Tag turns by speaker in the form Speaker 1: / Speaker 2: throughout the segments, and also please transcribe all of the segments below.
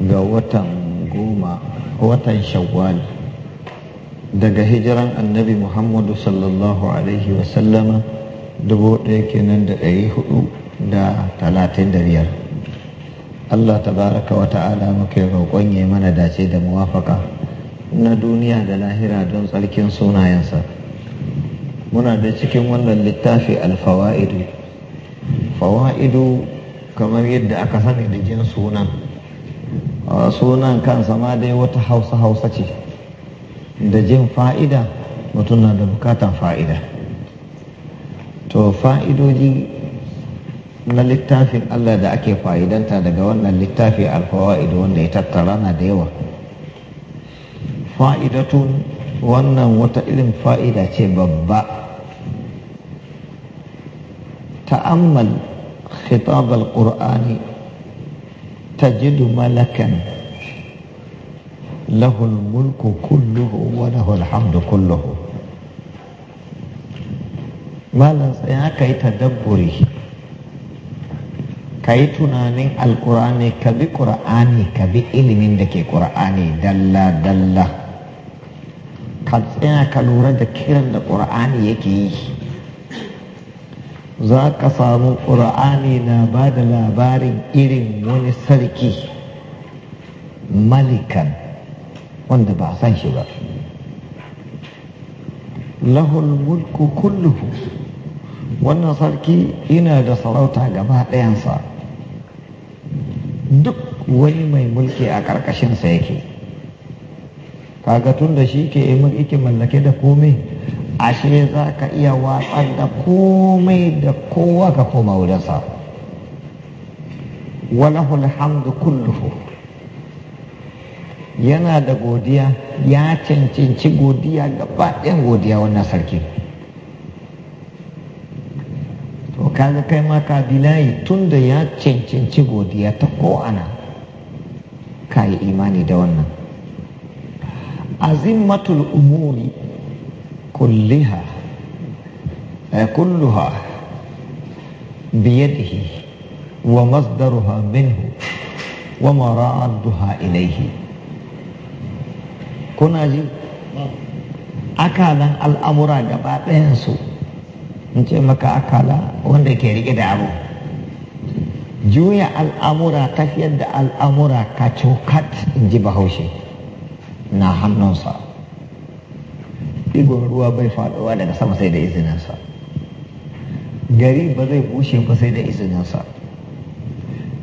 Speaker 1: ga watan goma watan shawwali. daga hijiran annabi muhammadu sallallahu alaihi wasallama dubu daya kenan da ɗari hudu da talatin da biyar allah tabaraka wa ta'ala muke roƙon ya mana dace da muwafaka na duniya da lahira don tsarkin sunayensa muna da cikin wannan littafi alfawa'idu fawa'idu kamar yadda aka sani da jin sunan sunan kansa ma dai wata hausa hausa ce da jin fa'ida mutum na da bukatan fa'ida to fa'idoji na littafin Allah da ake fa'idanta daga wannan littafi alfawa'ido wanda ya tattara na da yawa fa'idatun wannan wata irin fa'ida ce babba ta'ammal khitab al-qur'ani tajidu malakan lahul mulku kulluhu wa lahul hamdu kulluhu malam sai aka yi tadabburi ka tunanin Alƙur'ani ka bi ƙur'ani ka bi ilimin da ke ƙur'ani dalla dalla ka tsaya ka lura da kiran da ƙur'ani yake yi za ka samu ƙura'ani na ba da labarin irin wani sarki malikan wanda ba san shi ba lahul mulku kulluhu wannan sarki yana da sarauta gaba ɗayansa duk wani mai mulki a ƙarƙashinsa yake kaga tun da shi ke mulki mallake da komai ashe za ka iya watsar da komai da kowa ka koma wurinsa walahul alhamdu kulluhu yana da godiya ya cancanci godiya gaba ɗayan godiya wannan sarki to kaga kai ma ka bilayi tunda ya cancanci godiya ta ko'ana ka yi imani da wannan azimmatul umuri كلها كلها بيده ومصدرها منه ومرادها إليه كنا جي akala al'amura gaba ɗayansu in ce maka akala wanda ke riƙe da abu juya al'amura tafiyar da al'amura ka cokat in ji bahaushe na hannunsa ɗigon ruwa bai faɗowa daga sama sai da izininsa gari ba zai bushe ba sai da izininsa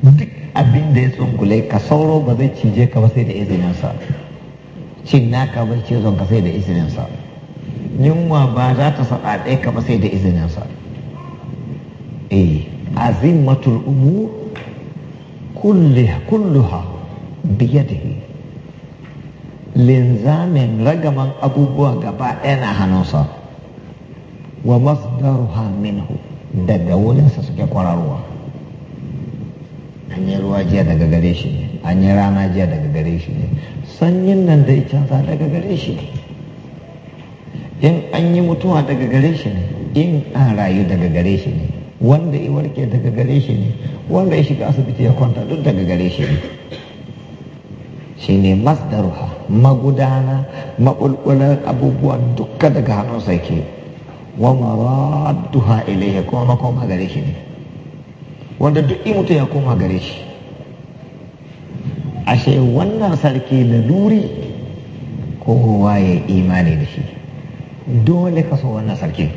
Speaker 1: duk abin da ya tsungule ka sauro ba zai cije ka ba sai da izininsa cin naka bai cizon ka sai da izininsa yunwa ba za ta saɗaɗe ka ba sai da izininsa eh azimatul umur kulluha biyadihi linzamin ragaman abubuwa gaba ɗaya na hannunsa wa masdaruha minhu daga wurinsa suke kwararwa. an yi ruwa jiya daga gare shi ne an yi rana jiya daga gare shi ne sanyin nan da icansa daga gare shi ne in an yi mutuwa daga gare shi ne in an rayu daga gare shi ne wanda ya warke daga gare shi ne wanda ya shiga asibiti ya kwanta duk daga gare shi ne ne masdaruha magudana maɓulɓular abubuwan dukkan daga sarki? yake wa maradduha ya kuma koma gare shi ne wanda duk yi mutum ya koma gare shi ashe wannan sarki da duri kowa ya imani da shi dole ka so wannan sarki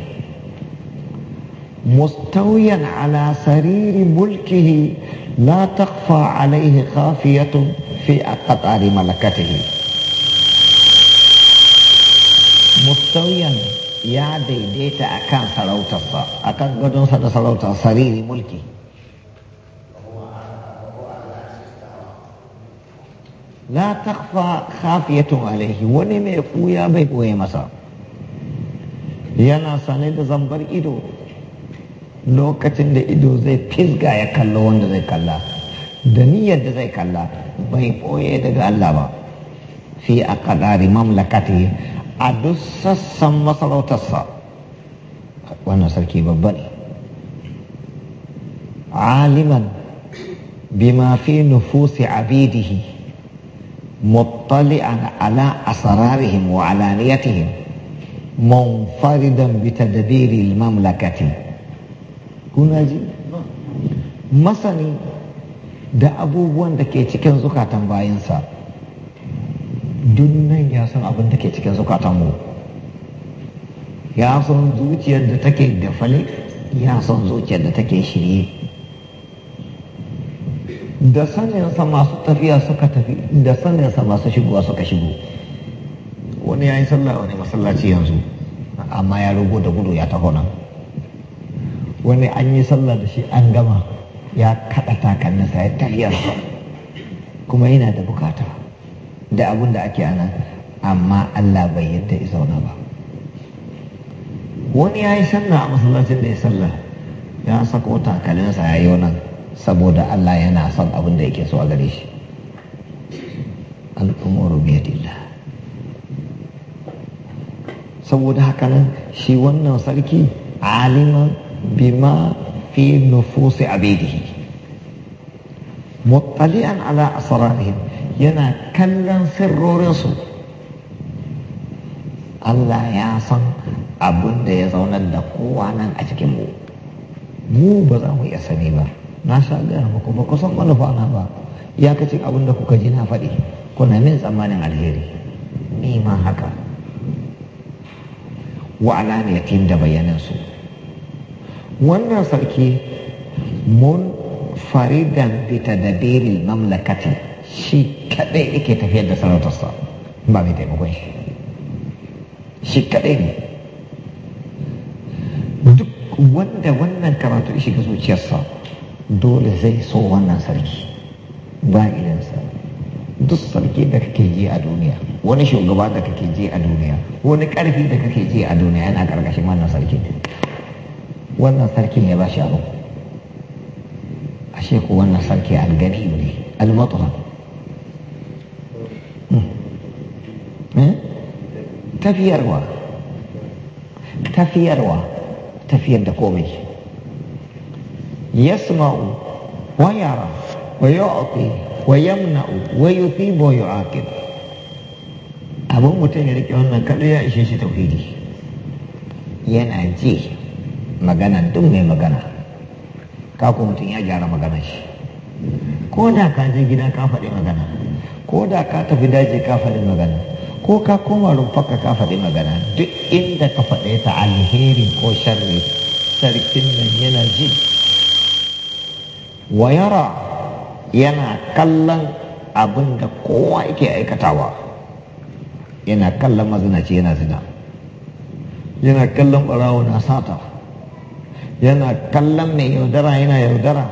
Speaker 1: mustawiyan ala sariri mulkihi la takfa alaihi khafiyatun في قطار malakatihi mustawiyan ya daidaita a kan sarautarsa a gadonsa da sarautar sariri mulki la takfa khafiyatun alaihi wani mai kuya bai koye masa yana sane da zambar ido lokacin da ido zai fisga ya kallo wanda zai kalla da niyyar da zai kalla bai ɓoye daga Allah ba fi a kadari mamlakati a duk sassan masarautarsa wannan sarki babba ne aliman bima fi nufusi abidihi muttali'an ala asrarihim wa alaniyatihim munfaridan bi tadbiri mamlakati kuna ji masani da abubuwan da ke cikin zukatan bayansa dunnan ya san abin da ke cikin zukatanmu ya san zuciyar da take da fali, ya san zuciyar da take shirye da saninsa masu tafiya suka tafi da saninsa masu shigowa suka shigo wani ya yi sallah wani masallaci yanzu amma ya rugo da gudu ya taho nan wani an yi sallah da shi an gama ya kaɗa takalminsa ya tafiyarsa kuma yana da bukata da abun da ake ana amma Allah bai yadda ya zauna ba wani ya yi sallah a masallacin da ya salla ya sako takalinsa ya yi nan saboda Allah yana son abun da yake so a gare shi al'umuru biyadillah saboda haka nan shi wannan sarki aliman bima في نفوس عبيده مطلعا على أسرارهم ينا كلا سر رسول Allah ya san abin da ya zaunar da kowa nan a cikin mu mu ba za mu iya sani ba na sha gaya muku ba kusan manufa na ba ya kace abin da kuka ji na faɗi kuna min tsammanin alheri ni ma haka wa alamiyatin da bayanan su wannan sarki mun faridan bita da deril mamlakati shi kadai yake tafiyar da sanatarsa ba mai taimakon shi shi kadai ne duk wanda wannan karatu shi ga zuciyarsa dole zai so wannan sarki ba irinsa duk sarki da kake ji a duniya wani shugaba da kake ji a duniya wani karfi da kake ji a duniya yana karkashin wannan sarki ne wannan sarkin ya ba shi abu ashe ko wannan sarki algani ne almatuwa hmm. eh? tafiyarwa tafiyarwa tafiyar da komai yasma'u wa yara wa yu'ti wa yamna'u wa yuthibu wa yu'aqib abin mutum ya rike wannan kadai ya ishe shi tauhidi yana ji maganan duk mai magana ka ku mutum ya gyara magana shi ko da ka je gida ka faɗi magana ko da ka tafi daji ka faɗi magana ko ka koma rumfaka ka faɗi magana duk inda ka faɗe ta alheri ko sharri sarkin nan yana ji wa yara yana kallon abin da kowa yake aikatawa yana kallon mazinaci yana zina yana kallon ɓarawo na sata yana kallon mai yaudara yana yaudara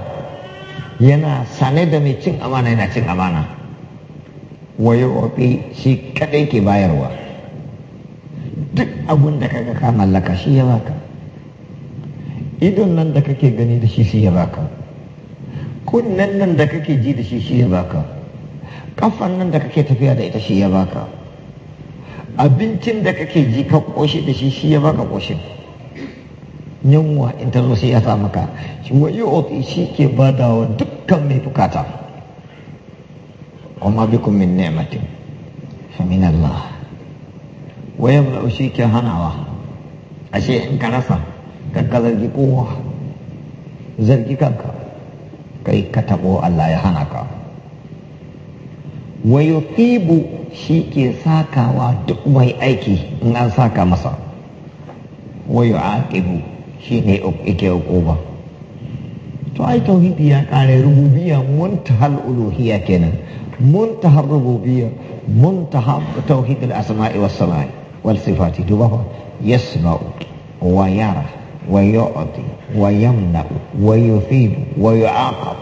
Speaker 1: yana sane da mai cin amana yana cin amana waye ofi shi kadai ke bayarwa duk abun da kaga ka mallaka shi ya baka idon nan da kake gani da shi shi ya baka kunnen nan da kake ji da shi shi ya baka kafan nan da kake tafiya da ita shi ya baka abincin da kake ji ka koshi da shi shi ya baka koshin yunwa in ta zo sai ya sa shi wa yu'ti shi ke badawa dukkan mai bukata kuma bikum min ni'matin fa min Allah wa yamla shi ke hanawa ashe in ka rasa ka kowa zargi kanka kai ka tabo Allah ya hana ka wa yutibu shi ke sakawa duk mai aiki in an saka masa wa yu'aqibu shi ne ike hukuma to ai tauhidi ya kare rububiya muntahal uluhiya kenan muntahar rububiya muntahar tauhid al-asma'i was sama'i wal sifati duba fa yasma'u wa yara wa yu'ti wa yamna'u wa yufidu wa yu'aqab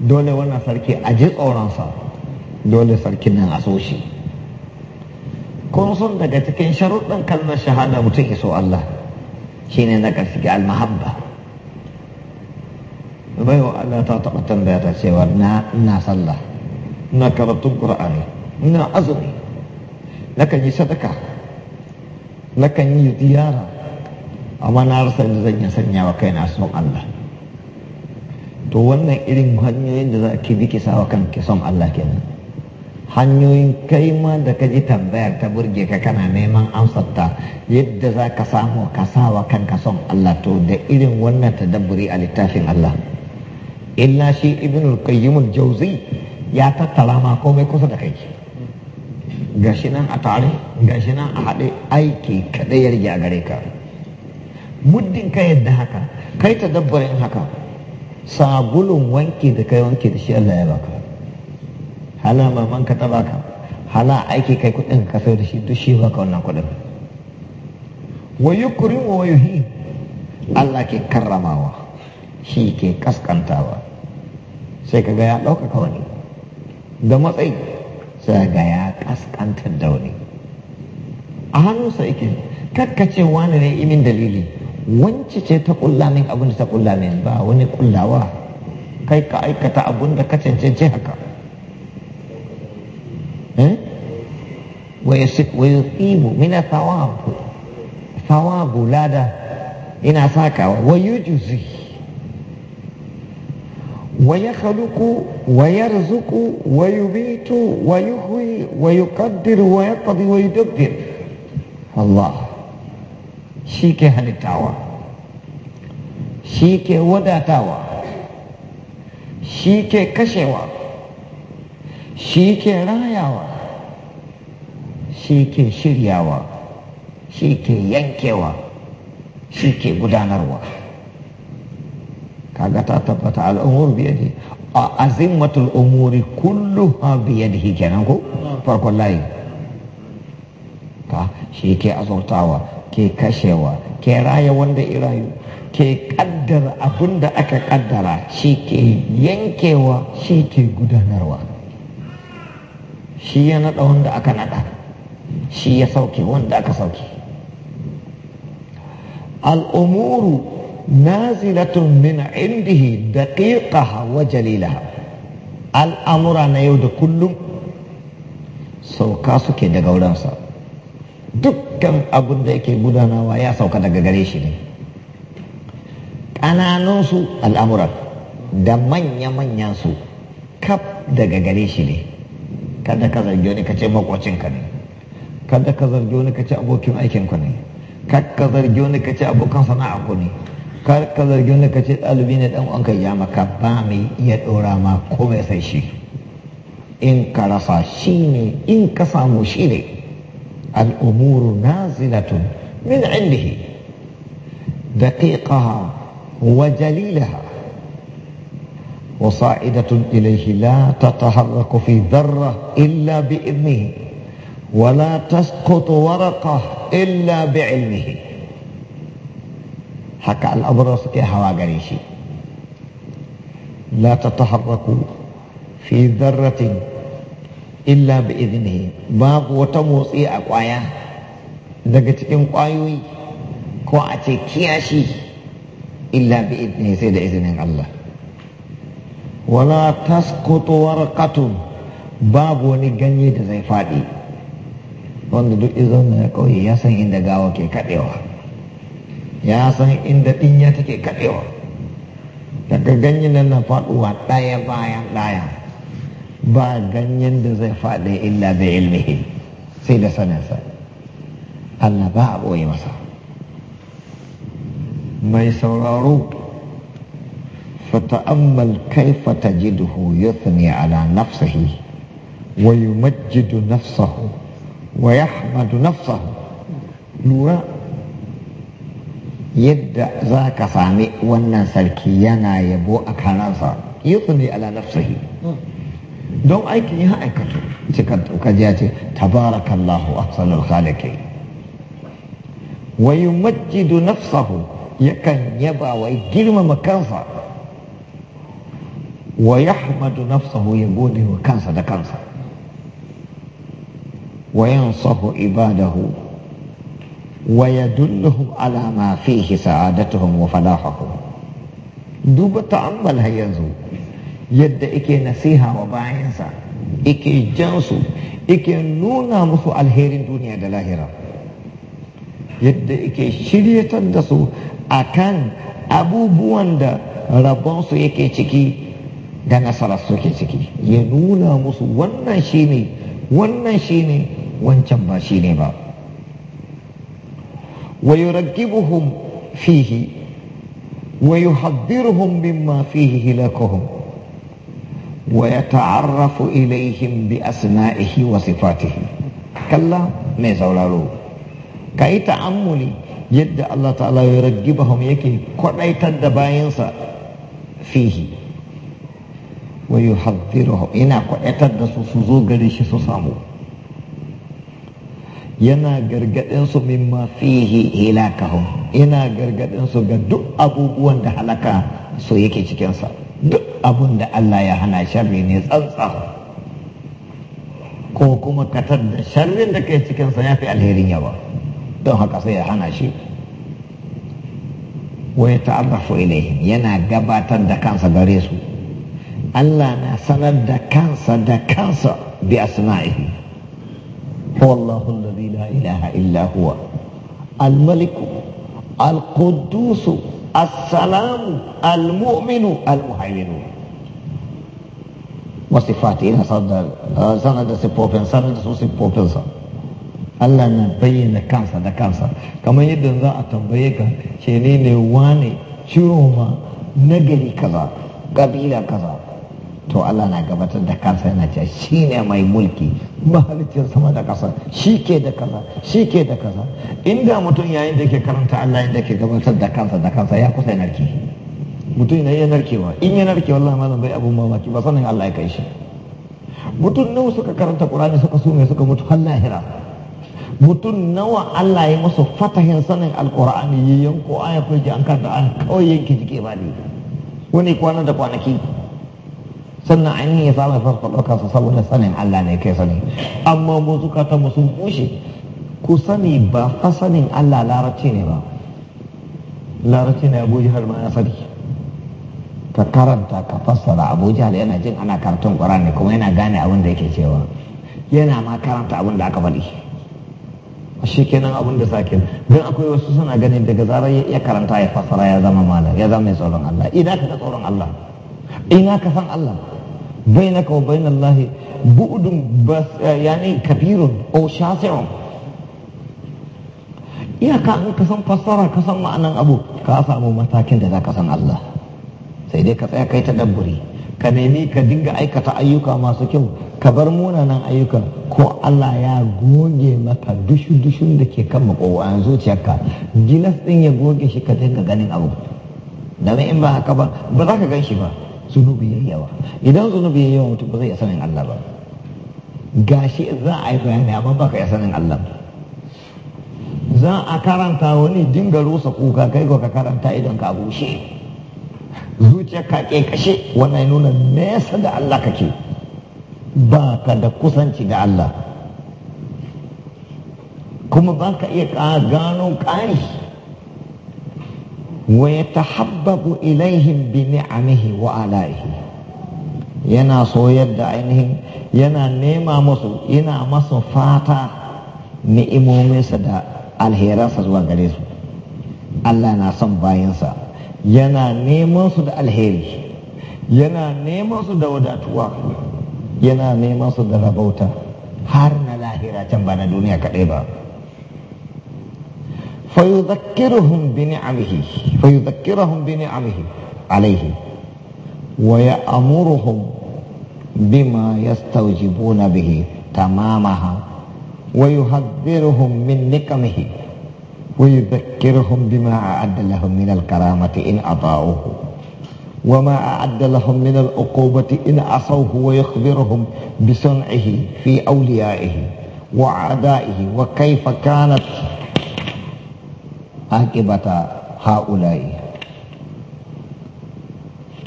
Speaker 1: dole wannan sarki a ji sa. dole sarkin nan a so shi kun sun daga cikin sharuɗin kalmar shahada mutum iso Allah ne na ƙarshe almahabba bai wa Allah ta taɓa tambaya ta cewa na ina sallah ina karatun ƙur'ani ina azumi nakan yi sadaka nakan yi ziyara amma na rasa da zan yi sanya wa kaina son Allah to wannan irin hanyoyin da za ki bi ki sa wa kanki son Allah kenan hanyoyin kai ma da ka ji tambayar ta burge ka kana neman amsarta yadda za ka samu ka sawa kanka son Allah to da irin wannan tadabburi a littafin Allah illa shi ibnul qayyimul jauzi ya tattara ma komai kusa da kai gashi nan a tare gashi nan a haɗe aiki kaɗai ya rige a gare ka muddin ka yadda haka kai tadabburin haka sabulun wanke da kai wanke da shi Allah ya baka hala maman ka taba ka hala aiki kai kudin ka sai da shi duk shi baka wannan kudin wa yukrim wa yuhi Allah ke karramawa shi ke kaskantawa sai kaga ya ɗaukaka wani da matsayi sai ga ya kaskantar da wani a hannunsa yake kakkace wani ne imin dalili wance ce ta kulla min abin da ta kulla min ba wani kullawa kai ka aikata abin da ka cancanci haka إيه؟ ويقيم من الثواب ثواب لدى إن ساكا ويجزي ويخلق ويرزق ويبيت ويهوي ويقدر ويقضي ويدبر الله شيك هلتاوى شيك تاوى شيك كشوى shi ke rayawa shi ke shiryawa shi ke yankewa shi ke gudanarwa kaga ta tabbata al'umur biyadi a azimmatul umuri da biyadihi kenan ko farkon layi ka shi ke azurtawa ke kashewa ke raya wanda irayu ke kaddara abinda aka kaddara shi ke yankewa shi ke gudanarwa shi ya naɗa wanda aka naɗa shi ya sauke wanda aka sauke al'umuru nazilatun min indihi da ƙiƙaha wa jalila al'amura na yau da kullum sauka suke daga wurinsa dukkan abin da yake gudanawa ya sauka daga gare shi ne ƙananunsu al'amuran da manya-manyansu kaf daga gare shi ne kada ka zarge ni ka ce makwacinka ne kada ka zarge ni ka ce abokin aikinku ne kada ka zarge ni ka ce abokan sana'a ku ne Kada ka zarge ni ka ce ɗalibi ne ɗan uwanka ya maka ba mai iya ɗora ma komai sai shi in ka rasa shi ne in ka samu shi ne al'umuru nazilatun min indihi daƙiƙaha wa jalilaha وصاعدة إليه لا تتحرك في ذرة إلا بإذنه ولا تسقط ورقة إلا بعلمه حكى الأبرص كهوا قريشي لا تتحرك في ذرة إلا بإذنه باب وتموصي أقوايا إن قايوي كواتي كياشي إلا بإذنه سيد إذن الله wala taskotowar warqatun babu wani ganye da zai faɗi wanda duk izon na kauye ya san inda gawa ke kaɗewa ya san inda ɗinya take kaɗewa daga ganyen nan na faɗuwa ɗaya bayan ɗaya ba ganyen da zai faɗi illa da ilmihi sai da saninsa Allah ba a ɓoye masa mai sauraro فتأمل كيف تجده يثني على نفسه ويمجد نفسه ويحمد نفسه لورا يد ذاك سامي وانا سلكيانا يبو أكانانسا يثني على نفسه don aikin ya aikatu cikin kaji ya ce tabarakallahu ahsanul khaliqi wa yumajjidu nafsahu yakan yaba wa girmama kansa wa yahmadu nafsahu ya gode kansa da kansa wa yansahu ibadahu wa yadulluhum ala ma fihi sa'adatuhum wa duba ta'ammal har yanzu yadda ike nasiha wa bayansa ike jansu ike nuna musu alherin duniya da lahira yadda ike shiryatar da su akan abubuwan da rabonsu yake ciki da nasarar suke ciki ya nuna musu wannan shine wannan shine wancan ba shine ba wa yuraqqibuhum fihi wa yuhaddiruhum mimma fihi hilakuhum wa yata'arrafu ilaihim bi asma'ihi wa sifatihi kalla mai sauraro kai ta'ammuli yadda Allah ta'ala ya raggibahum yake kwadaitar da bayansa fihi wa yuhadhiruhu ina kwaɗatar da su su zo gare shi su samu yana gargaɗin su min ma fihi hilakahum ina gargaɗin su ga duk abubuwan da halaka so yake cikinsa duk abun da Allah ya hana sharri ne tsantsa ko kuma katar da sharrin da ke cikinsa ya fi alherin yawa don haka sai ya hana shi wai ta'arrafu ilaihim yana gabatar da kansa gare su Allah na sanar da kansa da kansa bi asma'ihi huwa Allahu alladhi la ilaha illa huwa al-malik al-quddus السلام المؤمن المهيمن وصفاته إنها صدر da su صدر سبوبين sa. Allah na bayyana kansa da kansa kamar yadda za a tambaye ka ce ne ne wane ciwo ma nagari kaza kabila kaza to Allah na gabatar da kansa yana cewa shi ne mai mulki mahalicin sama da kasa shi ke da kaza shi ke da kaza inda mutum yayin da ke karanta Allah inda ke gabatar da kansa da kansa ya kusa narke mutum na ya narkewa in ya narke wallahi malam bai abun mamaki ba sanin Allah ya kai shi mutum nawa suka karanta Qur'ani suka mai suka mutu har lahira mutum nawa Allah ya musu fatahin sanin alkur'ani ya yanko aya ko ji an karanta an kawai yanke jike ba ne wani kwana da kwanaki sannan ainihin ya samu farko ɗauka su saboda sanin Allah ne kai sani amma mu zukatan musu sun bushe ku sani ba fa sanin Allah larabci ne ba larabci ne Abu har ma ya sani ka karanta ka fassara Abu Jahal yana jin ana karatun ne kuma yana gane abin da yake cewa yana ma karanta abin da aka faɗi shi kenan abin da sake don akwai wasu suna ganin daga zarar ya karanta ya fassara ya zama malam ya zama mai tsoron Allah idan ka tsoron Allah ina ka san Allah bai kawo wa na Allah bu'dun bas eh, yani kabirun aw iyaka an ka san fassara ka san ma'anan abu ka samu matakin da za ka san Allah sai dai ka tsaya kai ta dabburi ka nemi ka dinga aikata ayyuka masu kyau ka bar munanan ayyukan ko Allah ya goge maka dushu-dushun da ke kan makowayan zuciyarka gilas ɗin ya goge shi ka dinga ganin abu da in ba haka ba ba za ka gan shi ba zunubi ya yawa idan zunubi ya yawa mutum ba zai sanin Allah ba gashi za a yi bayani amma ba ka sanin Allah za a karanta wani dinga rusa kuka kai ko ka karanta idan ka bushe zuciya ka ke kashe wannan nuna nesa da Allah kake ba ka da kusanci da Allah kuma ba ka iya gano ƙari ta habbabu ويتحبب إليهم بنعمه وآلائه yana soyar da ainihin yana nema musu ina masu fata ni'imominsa da alheransa zuwa gare su Allah na son bayansa yana neman su da alheri yana neman su da wadatuwa yana neman su da rabauta har na lahira can ba na duniya kaɗai ba فيذكرهم بنعمه فيذكرهم بنعمه عليه ويأمرهم بما يستوجبون به تمامها ويحذرهم من نقمه ويذكرهم بما أعد لهم من الكرامة إن أطاعوه وما أعد لهم من العقوبة إن عصوه ويخبرهم بصنعه في أوليائه وأعدائه وكيف كانت akibata ha'ulayi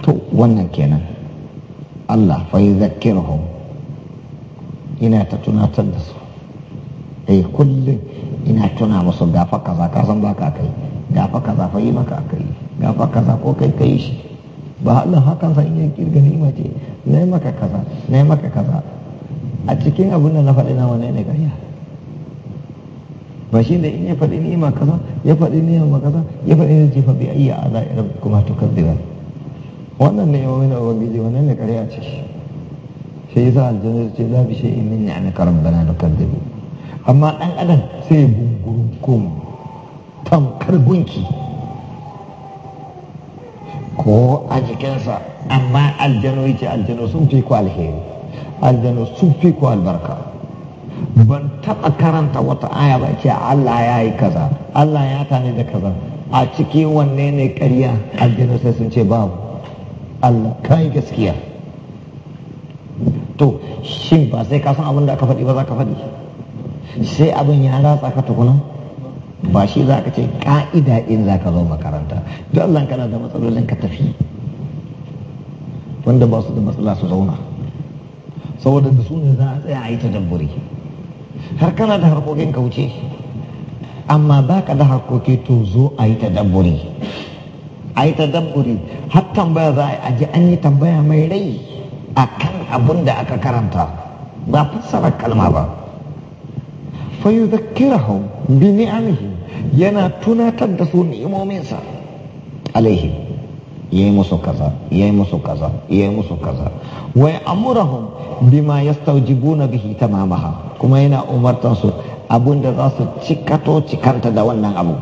Speaker 1: to wannan kenan Allah fa yuzakkirhum ina ta tunatar da su eh kullum ina tuna musu gafa kaza ka san baka kai gafa kaza fa yi maka kai gafa kaza ko kai kai shi ba Allah hakan san yin kirga ni mace nayi maka kaza nayi maka kaza a cikin abin da na faɗi na wannan ne ƙarya ba shi ne in ya faɗi ni'ima kaza ya faɗi ni'ima kaza ya faɗi ni jefa bi ayya ala kuma rabbikum tukadiban wannan ne yawon na biji wannan ne ƙarya ce sai yasa aljanna ce za bi shay'in min ni'amika da nukadibu amma dan adam sai gungun kuma tamkar gunki ko a jikinsa amma aljanu ce aljanu sun fi ku alheri aljanu sun fi ku albarka ban taɓa karanta wata aya ba ce Allah ya yi kaza Allah ya tani da kaza a ciki wanne ne ƙarya aljanu sai sun ce babu Allah ka yi gaskiya to shi ba sai ka san abin da aka faɗi ba za ka faɗi sai abin ya ratsa ka tukuna ba shi za ka ce ka'ida in za ka zo makaranta don Allah kana da matsalolin ka tafi wanda ba su da matsala su zauna saboda da su ne za a tsaya a yi ta dabbure har kana da harkokin kauce amma ba ka da harkoki to zo a yi tadabburi a yi tadabburi har tambaya za a ji an yi tambaya mai rai a kan abin da aka karanta ba fassara kalma ba fayu hau bi ni'amihi yana tunatar da su ni'imominsa alaihi ya yi musu kaza ya yi musu kaza ya yi musu kaza wa amurahum bima yastawjibuna bihi tamamaha kuma yana umartan su abinda za su cikato cikanta da wannan abu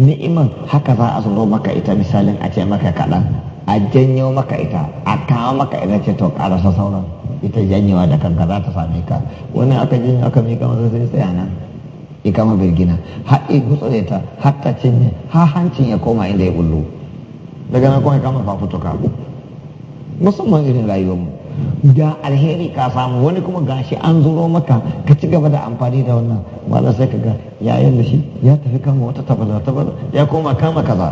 Speaker 1: ni'iman haka za a zuro maka ita misalin a ce maka kaɗan a janyo maka ita a kawo maka ita ce to ƙarasa sauran ita janyewa da kanka za ta same ka wani aka janyo aka mika masa sai tsaya nan ya birgina har gutsure ta har ta cinye har hancin ya koma inda ya bullo daga na kuma kama fafutuka musamman irin rayuwarmu da alheri ka samu wani kuma gashi an zuro maka ka ci gaba da amfani da wannan wala sai ka ga yayin da shi ya tafi kama wata tabala ya koma kama kaza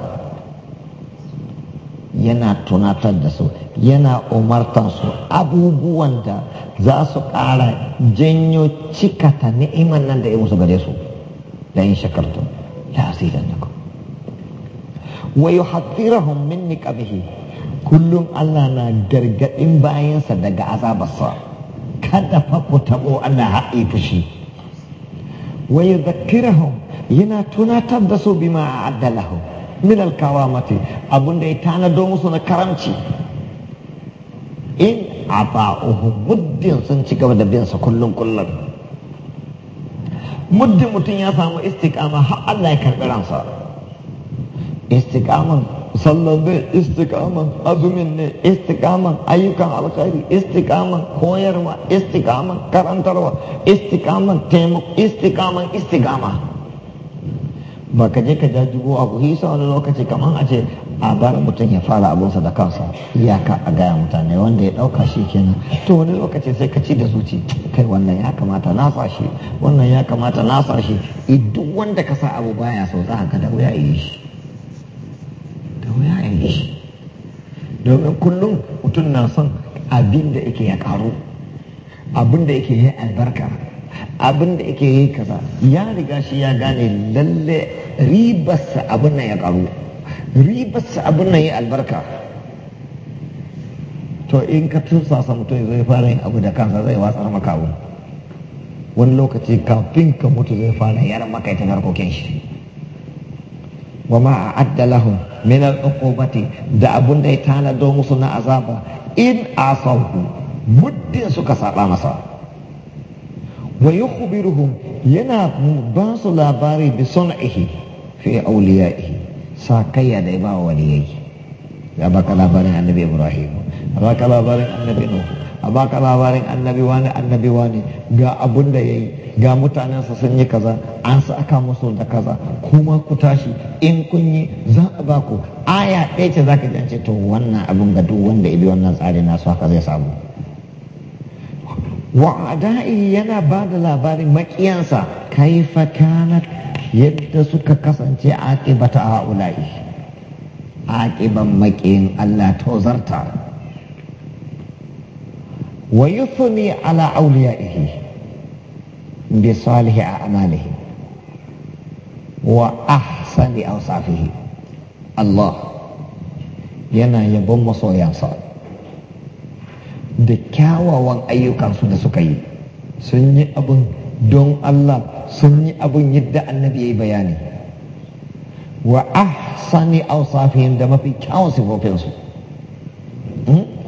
Speaker 1: yana tunatar da su yana umartar su abubuwan da za su ƙara janyo cikata ni'imar nan da ya musu gare su da in shakartu la asirin da ku wa yuhaqqirahum min niqabihi kullum Allah na gargadin bayansa daga azabarsa kada fa ku tabo Allah haƙi fushi wa yadhakkiruhum yana tunatar da su bima addalahu? min alkawamati abunda ya tanado musu na karamci in aba'uhu muddin sun ci gaba da binsa kullum kullum muddin mutum ya samu istiqama har Allah ya karɓi ransa istikaman sallar da istikaman azumin ne istikaman ayyukan alkhairi istikaman koyarwa istikaman karantarwa istikaman taimako istikaman istikama ba ka je ka jajibo abu hisa wani lokaci kamar a ce a bar mutum ya fara sa da kansa iyaka a gaya mutane wanda ya dauka shi kenan to wani lokaci sai ka ci da zuci kai wannan ya kamata na fashi wannan ya kamata na fashi duk wanda ka sa abu baya so za ka da wuya yi shi ya shi domin kullum mutum na son abin da yake ya karu abin da yake ya albarka abin da yake yi kaza ya riga shi ya gane lalle ribarsa abin nan ya karu ribarsa abin nan ya albarka to in ka tursasa mutum ya zai fara yin abu da kansa zai watsar maka abu wani lokaci kafin ka mutu zai fara yar maka ita harkokin shi wa ma min al-uqubati da abun da ya tanado musu na azaba in asahu muddin suka saba masa wa yukhbiruhum yana ba su labari bi sun'ihi fi awliya'ihi sakayya da ba waliyai ya baka labarin annabi ibrahim labarin a baka labarin annabi wani annabi wani ga abun da ya yi ga mutanensa sun yi kaza an sa aka musu da kaza kuma ku tashi in kun yi za a ba ku aya ɗaya ce za ka ji to wannan abin ga duk wanda ya bi wannan tsari na su haka zai samu wa'ada'i yana ba da labarin makiyansa kai fakana yadda suka kasance aqibata haula'i aqiban makiyin Allah tozarta ويثني على أوليائه بصالح Wa وأحسن أوصافه Allah yana yabon masoyansa da kyawawan ayyukansu da suka yi sun yi abin don Allah sun yi abin yadda annabi ya yi bayani wa ahsani ausafihim da mafi kyawun sifofinsu hmm?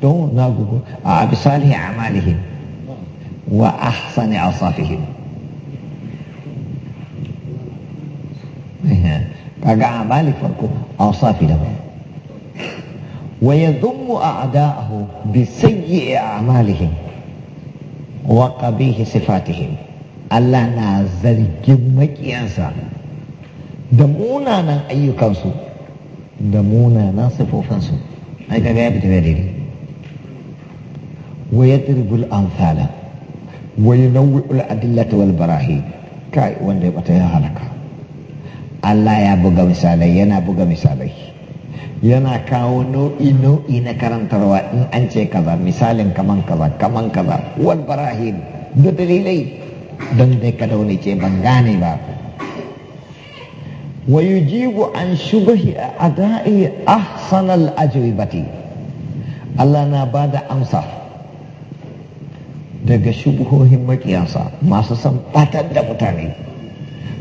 Speaker 1: don na gugu a bisalihi amalihim wa ahsani asafihim kaga amali farko asafi da ba wa yadhummu a'da'ahu bi sayyi'i a'malihim wa qabihi sifatihim Allah na zargin makiyansa da munanan ayyukansu da munanan sifofansu ai kaga ya fita daidai ويضرب الأمثال وينوع الأدلة والبراهين كاي وان دي بطيها هلك الله ya بغا مثالي ينا buga misalai yana kawo nau'i nau'i na karantarwa in an ce kaza misalin kaman kaza kaman kaza wal barahin da dalilai don dai kada wani ce ban gane ba wa yujibu an shubahi a adai ahsanal ajribati Allah na bada amsa daga shubuhohin makiyasa masu san batar da mutane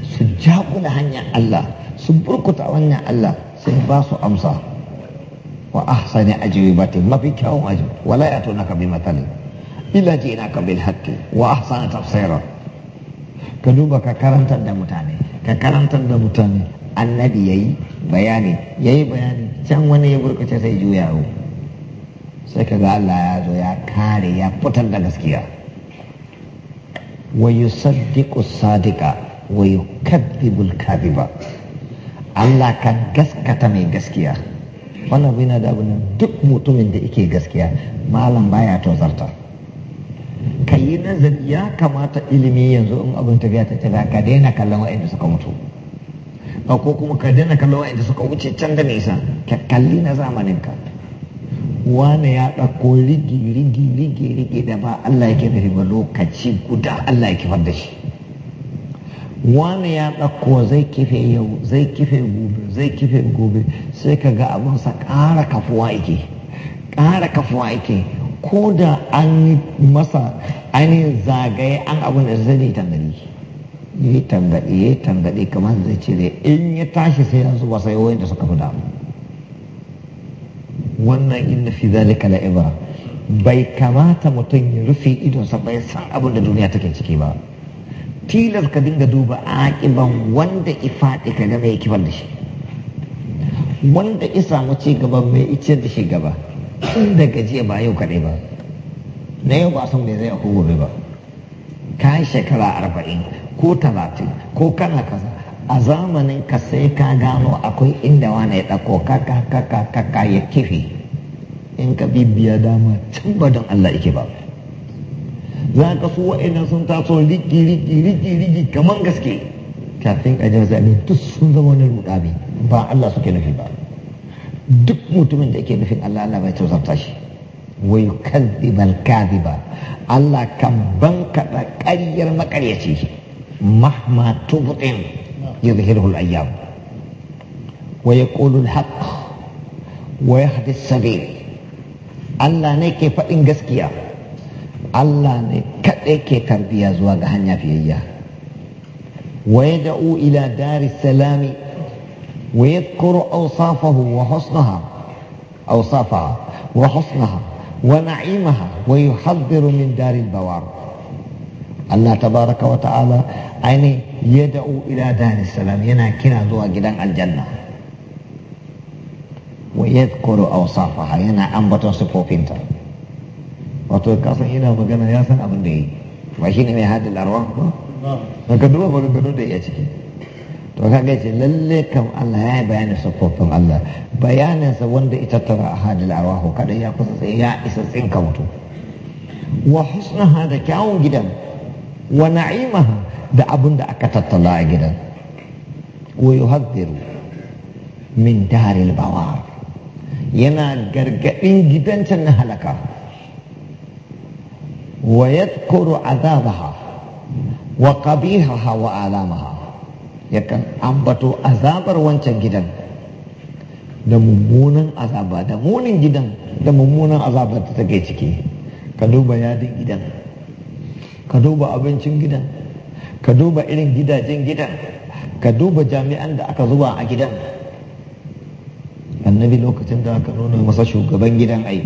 Speaker 1: su jakula hanyar Allah su burkuta wannan Allah sai ba su amsa wa ahsani ajibati mafi kyau ajib wala ya tona ka bi matali ila ji ina ka bil haqqi wa ahsana tafsira ka duba ka karantar da mutane ka karantar da mutane annabi yayi bayani yayi bayani can wani ya burkace sai juyawo sai ka ga Allah ya zo ya kare ya fitar da gaskiya wa yusaddiqu sadiqa wa Allah kan gaskata mai gaskiya wannan bai na da abin duk mutumin da yake gaskiya malam baya tozarta ka yi nazari ya kamata ilimi yanzu in abin tafiya ta tafiya ka daina kallon wa'anda suka mutu ko kuma ka daina kallon wa'anda suka wuce can da nisa ka kalli na zamanin ka. wane ya ɗauko rigi rigi rigi rigi da ba Allah yake da ba lokaci guda Allah ya fadda shi wane ya ɗauko zai kife yau zai kife gobe zai kife gobe sai ka ga abinsa ƙara kafuwa yake ƙara kafuwa yake ko da an yi masa an yi zagaye an abin da zai yi tangari yi tangari ya yi tangari kamar zai cire. in ya tashi sai ya zuba sai wayan da suka fi damu wannan inna fi zalika la ibra bai kamata mutum ya rufe idonsa bai san abin da duniya take ciki ba tilas ka dinga duba aqiban wanda ifaɗi ka ga mai kiban da shi wanda i samu ci gaba mai ice da shi gaba inda gajiya ba yau kaɗai ba na yau ba san me zai ako gobe ba ka shekara arba'in ko talatin ko kana kaza a zamanin ka sai ka gano akwai inda wani ya ɗako kaka kaka kaka ya kife in ka bibiya dama can ba don Allah yake ba za ka su wa'ina sun taso riki riki riki riki kamar gaske kafin a jarzani duk sun zama wani bi ba Allah suke nufi ba duk mutumin da yake nufin Allah Allah bai tausanta shi wa yukadhibal ba. Allah kan banka da ƙaryar makaryaci mahma tubtin يظهره الأيام ويقول الحق ويهدي السبيل الله نيكي فإن جسكيا الله نيكي تربية زواج هنيا في إياه ويدعو إلى دار السلام ويذكر أوصافه وحسنها أوصافها وحسنها ونعيمها ويحذر من دار البوار الله تبارك وتعالى يعني ya da'u ila danis salam yana kira zuwa gidan aljanna wa yadhkuru awsafaha yana ambaton sifofinta wato kasan san ina magana ya san abin da ya yi ba ne mai hadin arwah ba daga duba ba maganganun da ya ciki to kaga ce lalle kam Allah ya yi bayanin sifofin Allah bayaninsa wanda ita tara a hadal arwah kada ya kusa sai ya isa tsinka mutu. wa husnaha da kyawun gidan wa na'imaha da abun da aka tattala a gidan wa yuhadhiru min daril bawa yana gargadin gidan can na halaka wa yadhkuru azabaha wa qabihaha wa alamaha yakan ambato azabar wancan gidan da mummunan azaba da munin gidan da mummunan azabar da take ciki ka duba yadin gidan ka duba abincin gidan ka duba irin gidajen gidan ka duba jami'an da aka zuba a gidan annabi lokacin da aka nuna masa shugaban gidan ai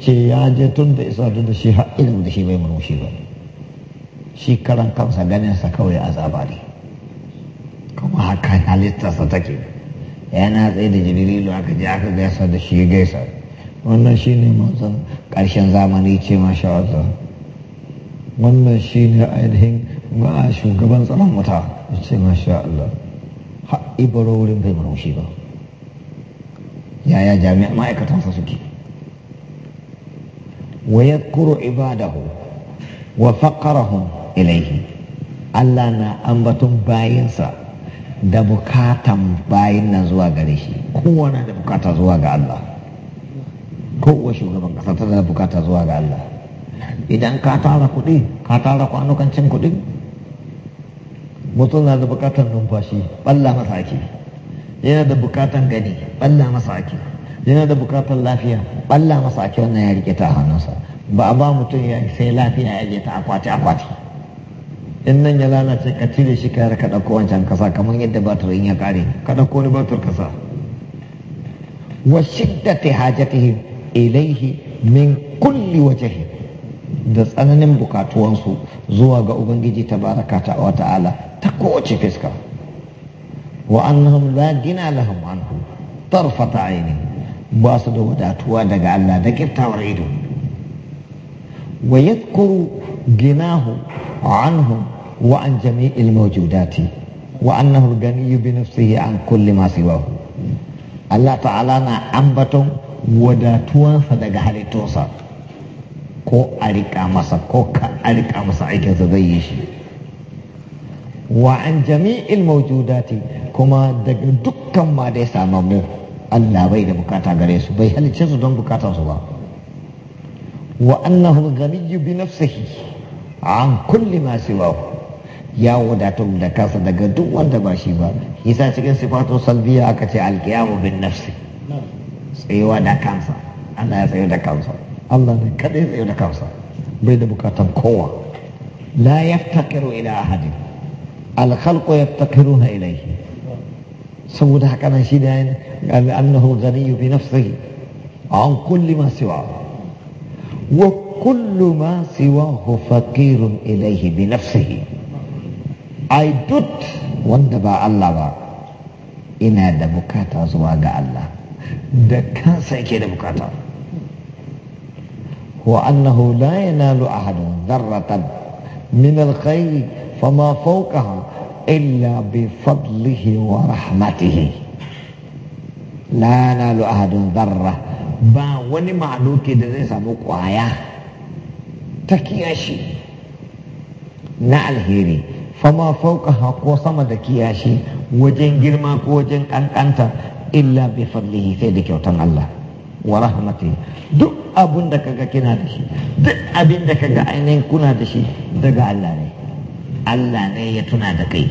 Speaker 1: ce ya je tun da isa da shi har irin da shi bai murmushi ba shi karan kansa ganin sa kawai a zabari. kuma haka halittarsa take yana tsaye da jibrilu aka je aka gaisa da shi gaisa wannan shi ne manzon Karshen zamani ce masha Allah wannan shi ne ainihin ma'a shugaban tsaron wuta ya ce masha Allah har ibaro wurin bai maraushi ba yaya jami'a ma'aikatansa suke wa ya kuro ibadahu wa faƙarahun ilaihi Allah na ambaton bayinsa da bukatan bayin na zuwa gare shi kowa da bukata zuwa ga Allah kowa shugaban kasa tana da bukata zuwa ga Allah idan ka tara kuɗi ka tara kwanukan cin kuɗi mutum na da bukatar numfashi balla masa ake yana da bukatar gani balla masa ake yana da bukatar lafiya balla masa ake wannan ya rike ta hannunsa ba a ba mutum ya sai lafiya ya ta akwati akwati in nan ya lalace ka cire shi ka ka ɗauko wancan kasa kamar yadda ba in ya kare ka ɗauko wani batur kasa wa shiddati hajatihim ilaihi min kulli wajhin da tsananin bukatuwansu zuwa ga ubangiji tabaraka ta wa ta'ala ta kowace fiska wa annahum la gina lahum anhu tarfata aini ba su da wadatuwa daga Allah da kiftawar ido wa yadhkuru ginahu anhum wa an jami'il mawjudati wa annahu ganiyyu bi nafsihi an kulli masu siwahu Allah ta'ala na ambaton wadatuwansa daga halittunsa ko a rika masa ko ka a rika masa aikinsa zai yi shi wa an jami'il mawjudati kuma daga dukkan ma dai mu Allah bai da bukata gare su bai halice su don bukatar su ba wa annahu ghaniyyu bi nafsihi an kulli ma siwa ya wadata da kasa daga duk wanda ba shi ba isa cikin sifatu salbiya aka ce alqiyamu bin nafsi tsayuwa da kansa Allah ya tsayu da kansa Allah ne kaɗai zai da kansa bai da bukatan kowa la yaftakiru ila ahadin alkhalqu yaftakiruna ilayhi saboda haka nan shi da annahu ghaniyyu bi nafsihi an kulli ma siwa wa kullu ma siwahu faqirun ilayhi bi nafsihi ai duk wanda ba Allah ba ina da bukata zuwa ga Allah da kansa yake da bukata وأنه لا ينال أحد ذرة من الخير فما فوقها إلا بفضله ورحمته لا ينال أحد ذرة ba wani mahaluki da zai samu kwaya ta kiyashi na alheri fama fauka ko sama da kiyashi wajen girma ko wajen kankanta illa bi fadlihi sai da kyautan Allah wa rahmati duk abun da kaga kina da shi da kaga ainihin kuna da shi daga Allah ne Allah ne ya tuna da kai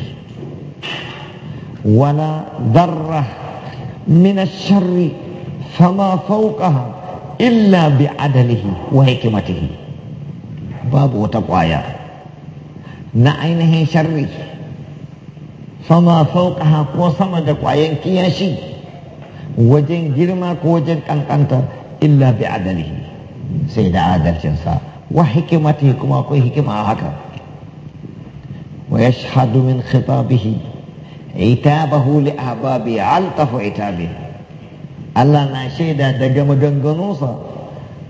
Speaker 1: wala darra min ash-sharri fama illa bi adalihi wa hikmatihi babu wata kwaya na ainihin sharri fama fawqaha ko sama da kwayan kiyashi wajen girma ko wajen kankanta illa bi adalihi sai da adalcin sa wa hikimati kuma akwai hikima a haka wa yashhadu min khitabihi itabahu li ahbabi altafu itabi Allah na shaida daga maganganunsa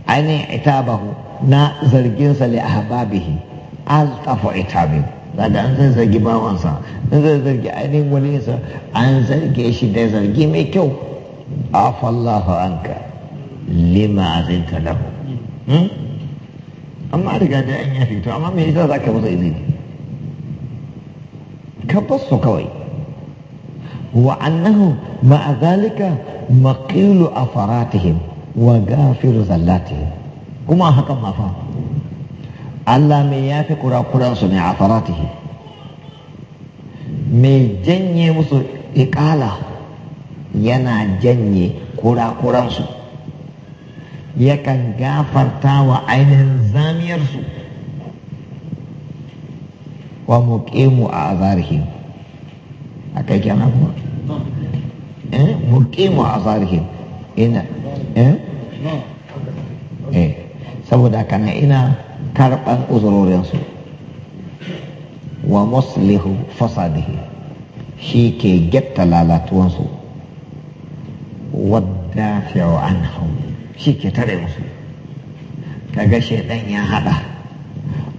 Speaker 1: ainihin itabahu na zarginsa li ahbabihi altafu itabi da an zai zargi bawansa an zai zargi ainihin walinsa an zarge shi da zargi mai kyau عفى الله عنك لما عزلت له amma riga da an yafi to amma me yasa zaka musu izini ka basu kawai wa annahu ma'a zalika maqilu afaratihim wa gafiru zallatihim kuma hakan ma fa Allah mai yafi kurakuran su ne afaratihim mai janye musu iƙala. yana janye kurakuransu yakan gafarta wa ainihin zamiyarsu wa muqimu a azarihim a kai kenan kuma eh, muqimu a azarihim ina eh? Eh, saboda kana ina karɓar uzurorinsu wa muslihu fasadihi shi ke getta lalatuwansu wadda an hau shi ke tare musu kaga shaidan ya hada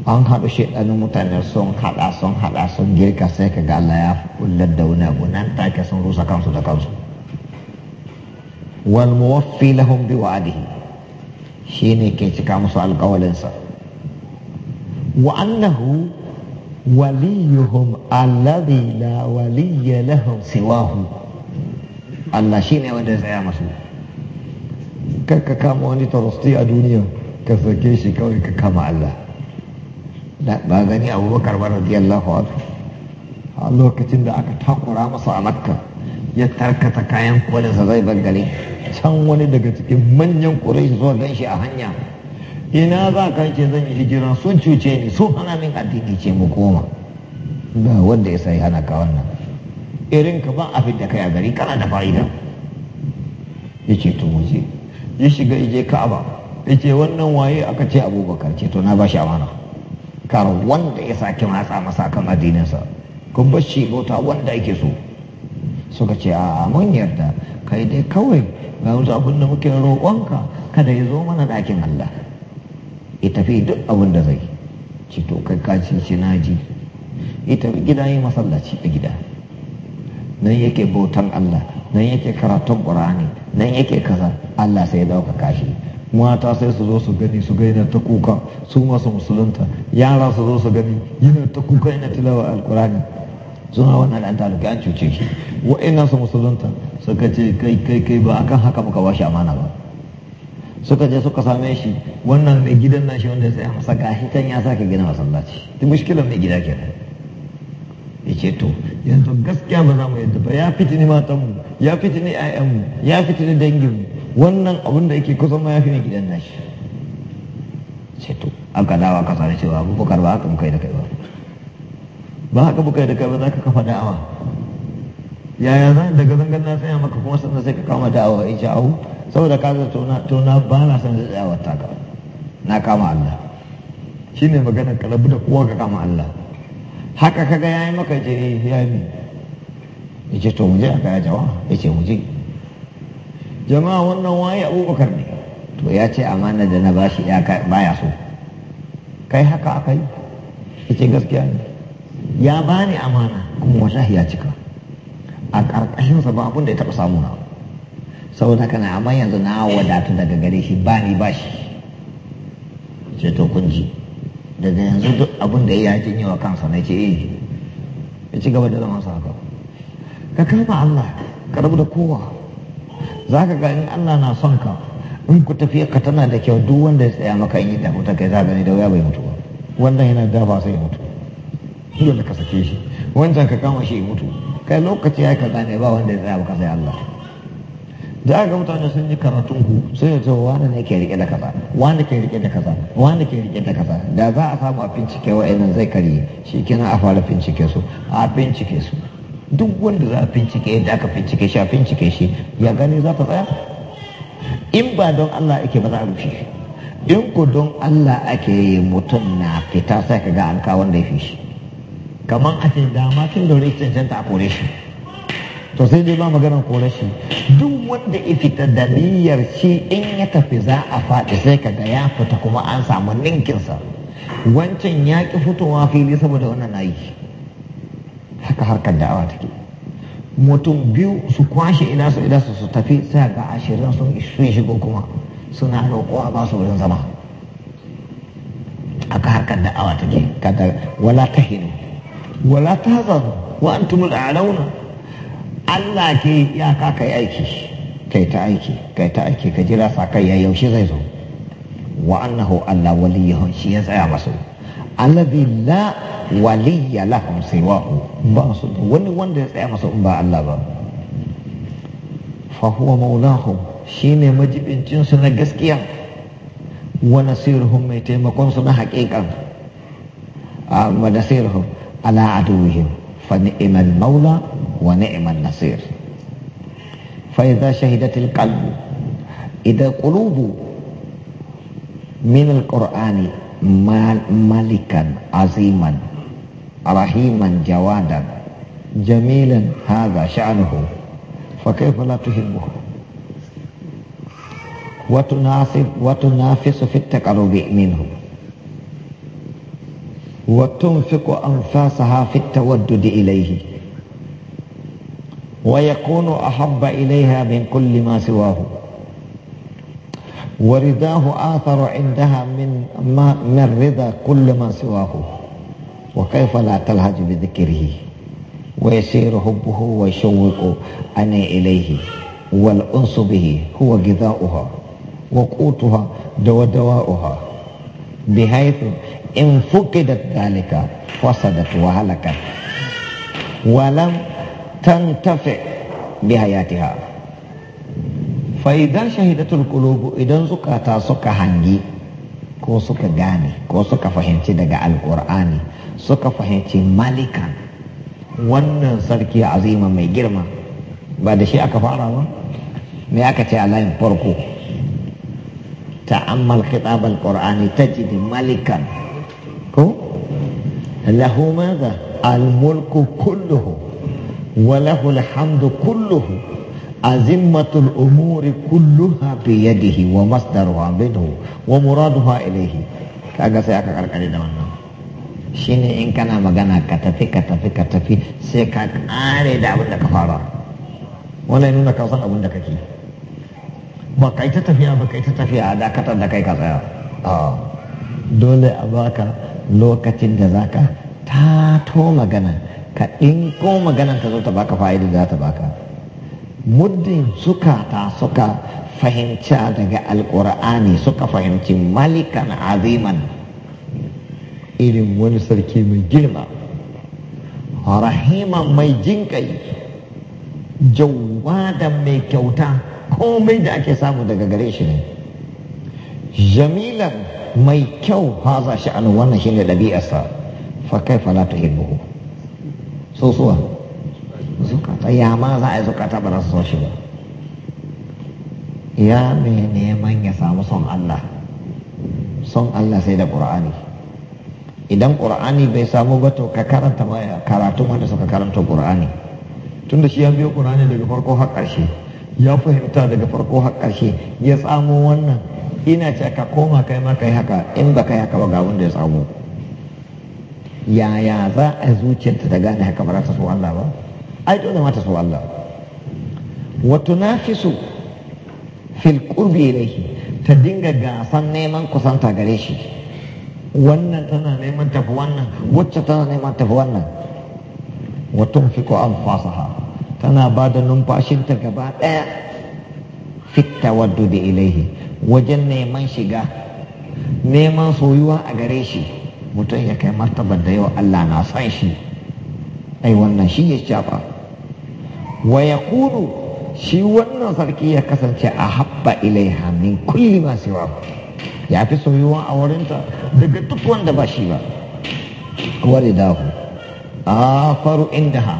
Speaker 1: an haɗu shaidanin mutane sun hada sun hada sun girka sai ka ga Allah ya kullar da wani abu nan take sun rusa kansu da kansu wal muwaffi lahum bi wa'adihi shine ke cika musu alƙawalinsa wa annahu waliyuhum alladhi la waliyya lahum siwahu Allah shi ne wanda ya tsaya masu ka kama wani tarosti a duniya ka sake shi kawai ka kama Allah ba gani abubakar ba radiyallahu anhu a lokacin da aka takura masa a makka ya tarkata kayan kolinsa zai bangare can wani daga cikin manyan su zuwa gan shi a hanya ina za ka ce zan yi hijira sun cuce ni sun hana min addini ce mu koma ba wanda ya sai hana ka wannan irin ka ba abin da kai a gari kana da fa'ida ya ce to waje ya shiga ije ka'aba ya ce wannan waye aka ce abubakar ce to na ba shi amana kar wanda ya sake matsa masa kan addininsa kun bar shi bauta wanda ake so suka ce a mun yarda kai dai kawai ga wasu abin da muke roƙonka kada ya zo mana ɗakin Allah ya tafi duk abin da zai ce to kai kaci ce na ji ya gida yi masallaci a gida nan yake bautan Allah nan yake karatun Qur'ani nan yake kaza Allah sai ya dauka kashi mata sai su zo su gani su ga yana ta kuka su masu musulunta yara su zo su gani yana ta kuka yana tilawa alkurani suna wannan ɗan taluki an cuce shi wa'annan su musulunta suka ce kai kai kai ba akan haka muka bashi amana ba suka je suka same shi wannan mai gidan nashi shi wanda ya tsaya masa gashi can ya sake gina masallaci duk mushkilan mai gida kenan yake to yanzu gaskiya ba za mu yadda ba ya fitini matanmu ya fitini 'ya'yanmu ya fitini dangin wannan abin da yake kusan ma ya fi mai gidan nashi sai to ka dawa ka sare cewa abubakar ba haka muka kai da kai ba ba haka muka kai da kai ba za ka kafa da'awa yaya za daga zangar na tsaya maka kuma sannan sai ka kama da'awa in sha'ahu saboda ka zai tona ba na san da tsayawar ka na kama Allah shine maganar karabu da kowa ka kama Allah haka kaga ya yi maka ce ya bi ya ce to muje aka ya jawa ya ce muje jama'a wannan waye abubakar ne to ya ce amana da na bashi ya baya so kai haka aka yi ya ce gaskiya ne ya bani amana kuma wallahi ya cika a ƙarƙashinsa ba abin da ya taɓa samu na saboda kana amma yanzu na wadatu daga gare shi ba ni ba shi ce to kun ji daga yanzu duk abin da ya jin yawa kansa na ce eh ya ci gaba da zama sa ka kama Allah ka rabu da kowa za ka ga in Allah na son ka in ku tafiya ka tana da kyau duk wanda ya tsaya maka in yi dafuta ta kai za gani da wuya bai mutu ba wannan yana dafa sai ya mutu dole ka sake shi wancan ka kama shi ya mutu kai lokaci ya ka gane ba wanda ya tsaya maka sai Allah da ga mutane sun yi karatun ku sai ya ce wani ne ke rike da kaza wani ke rike da kaza wani ke rike da kaza da za a samu a bincike wa'annan zai karye shi kina a fara bincike su a bincike su duk wanda za a bincike da aka bincike shi a bincike shi ya gani za ta tsaya in ba don Allah ake ba za a rushe shi in ku don Allah ake yi mutum na fita sai ka ga an kawo wanda ya fi shi kamar a ce dama kin da wani cancanta a kore shi to sai dai ba magana kore shi duk wanda ya fita da niyyar shi in ya tafi za a faɗi sai ga ya fita kuma an samu ninkinsa wancan ya ƙi fitowa fili saboda wannan na yi haka harkar da'awa take mutum biyu su kwashe ina su ina su su tafi sai ga ashirin sun shigo kuma suna roƙowa ba su wurin zama haka harkar da'awa take kada wala ta hinu wala ta tahzanu wa antumul a'launa Allah ke ya kaka aiki kai ta aiki kai ta aiki ka jira sa kai ya yaushe zai zo wa annahu Allah waliyahum shi ya tsaya masu alladhi la waliya lahum siwahu ba su wani wanda ya tsaya masu ba Allah ba fa huwa maulahum shine majibincin su na gaskiya wa nasiruhum mai taimakon su na haƙiƙan wa nasiruhum ala aduwihim fa ni'mal maula wa ni'mal nasir فإذا شهدت القلب إذا قلوب من القرآن ملكا عظيما رحيما جوادا جميلا هذا شأنه فكيف لا تحبه وتناسب وتنافس في التقرب منه وتنفق أنفاسها في التودد إليه ويكون أحب إليها من كل ما سواه ورداه آثر عندها من ما من رضا كل ما سواه وكيف لا تلهج بذكره ويسير حبه ويشوق أني إليه والأنس به هو غذاؤها وقوتها دواؤها بحيث إن فقدت ذلك فسدت وهلكت ولم tantafi bi hayatiha fa idan shahidatul qulub idan zukata suka hangi ko suka gane ko suka fahimci daga alkur'ani suka fahimci malikan wannan sarki azima mai girma ba da shi aka fara ba me aka ce a layin farko ta'ammal khitab alqur'ani tajid malikan ko lahu madha al-mulku kulluhu وله الحمد كله أزمة الأمور كلها بيده ومصدرها منه ومرادها إليه كأجا سيأكا كارك كالكالي دوانا شيني إن كان مغانا كتفي كتفي كتفي سيكا كاري دابن لك فارا ولا ينونا كوصل أبن لك كي بكيت تفيا بكي تتفيا دا كتر لكي كتر آه دولي أباكا لوكتين دزاكا تاتو مغانا ka ɗinko maganan ta zo ta baka fa'idin za ta baka muddin suka ta suka fahimci daga alƙur'ani suka fahimci malikan aziman irin wani sarki mai girma rahiman mai jinƙai jawadan mai kyauta komai da ake samu daga gare shi ne jamilan mai kyau haza sha'anu wannan shine ɗabi'arsa fa kaifa ta hibbu sosuwa zukata ya ma za a yi zukata ba za su so shi ba ya mai neman ya samu son Allah son Allah sai da ƙura'ani idan ƙura'ani bai samu ba to ka karanta karatun wanda suka karanta tun tunda shi ya biyo ƙura'ani daga farko har ƙarshe ya fahimta daga farko har ƙarshe ya tsamo wannan ina ce ka koma kai ma kai haka in ba yi haka ba ga wanda ya tsamo yaya za a zuciyarta ta gane haka ba ta so Allah ba ai dole ma ta so Allah wa tunafisu fil qurbi ilayhi ta dinga gasan neman kusanta gare shi wannan tana neman tafi wannan wacce tana neman tafi wannan wa tunfiqu anfasaha tana ba da numfashinta gaba daya fit tawaddudi ilayhi wajen neman shiga neman soyuwa a gare shi mutum ya kai martabar da yau Allah na san shi ai wannan shi ya shafa wa ya kunu shi wannan sarki ya kasance a habba ilaiha min kulli ma siwa ya fi soyuwa a wurinta daga duk wanda ba shi ba da dahu a faru indaha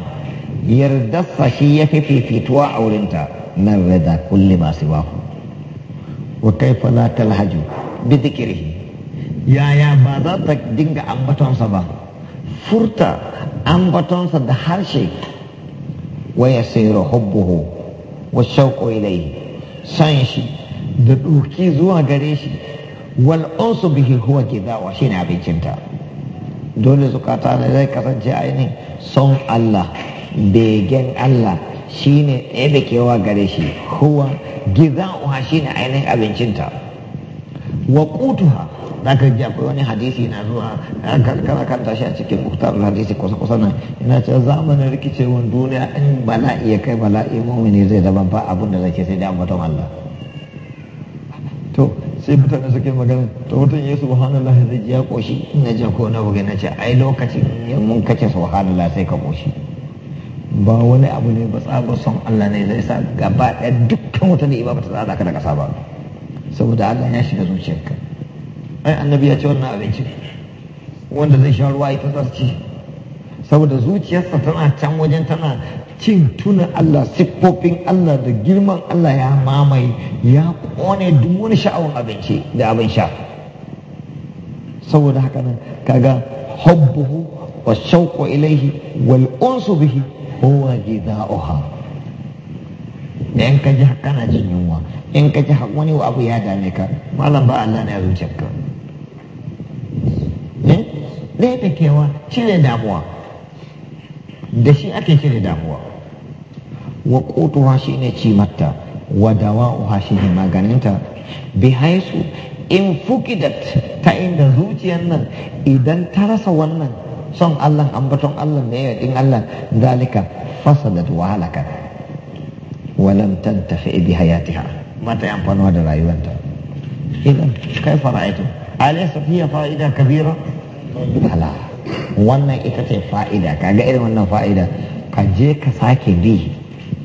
Speaker 1: yardarsa shi ya fi fifituwa a wurinta nan rada kulli ma siwa wa kaifa la talhaju bi dhikrihi yaya ba za ta dinga ambatonsa ba furta ambatonsa da harshe waya sayar hubbuhu wa shauƙo ilai san shi da ɗoki zuwa gare shi wal unsu bihi huwa shi shine abincinta dole zukata da zai kasance ainihin son Allah begen Allah shine ɗaya da kewa gare shi huwa shi shine ainihin abincinta wa kutuha da ka ji akwai wani hadisi na zuwa karkara kan tashi a cikin muktar hadisi kusa kusa na ina ce zamanin rikicewan duniya in bala'i iya kai bala'i mumini zai daban ba abin da zai ce sai da ambaton Allah to sai mutane suke magana to mutum ya subhanallah zai ji ya koshi na je ko na buga na ce ai lokacin mun kace subhanallah sai ka koshi ba wani abu ne ba tsabar son Allah ne zai sa gaba ɗaya dukkan wata ne ba ta tsada ka daga kasa ba saboda Allah ya shiga zuciyarka ai annabi ya ce wannan abinci wanda zai sha ruwa ita zasu ci saboda zuciyarsa tana can wajen tana cin tuna Allah siffofin Allah da girman Allah ya mamaye ya kone duk wani sha'awar abinci da abin sha saboda haka nan kaga hubbuhu wa shauqu ilaihi wal unsu bihi huwa jida'uha da ka ji kana jin yunwa in ka ji wani abu ya dame ka malam ba Allah ne a ne eh? ne da kewa cire damuwa da shi ake cire damuwa wa wa shi ne ci matta, wa dawa'uha shi ne maganinta bi haisu in fukidat ta inda zuciyar nan idan ta rasa wannan son Allah ambaton Allah ne ya Allah zalika fasadat wa halaka walam tantafi bi hayatiha mata amfanuwa da rayuwarta idan kai fara'aitu alaysa fa'ida kabira bala wannan ita ce fa'ida kaga irin wannan fa'ida ka je ka sake bi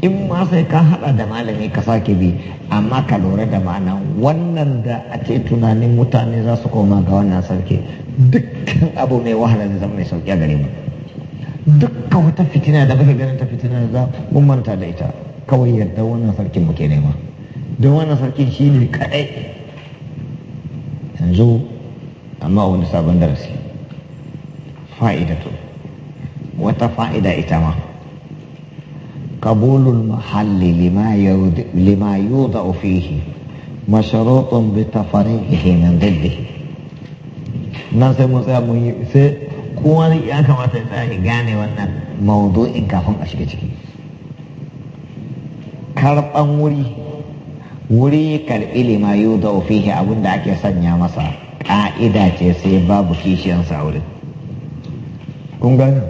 Speaker 1: in ma sai ka hada da malami ka sake bi amma ka lura da ma'ana wannan da a ce tunanin mutane za su koma ga wannan sarki dukkan abu mai wahala da zama mai sauki a gare mu dukkan wata fitina da baka ganin ta fitina za mun manta da ita kawai yadda wannan sarkin muke nema don wannan sarkin shi ne kaɗai yanzu amma wani sabon darasi fa’idatu wata fa’ida ita ma ƙabulun mahalli lima yau da ofihi masharotun bita tafari ihe nan dalde nan sai mun tsaya mun yi sai kowa ya kamata ya tsaya gane wannan maudu'in kafin a shiga ciki karɓan wuri wuri karɓi lima yau da ofihi abinda ake sanya masa ƙa'ida ce sai babu kishiyansa wurin kun gani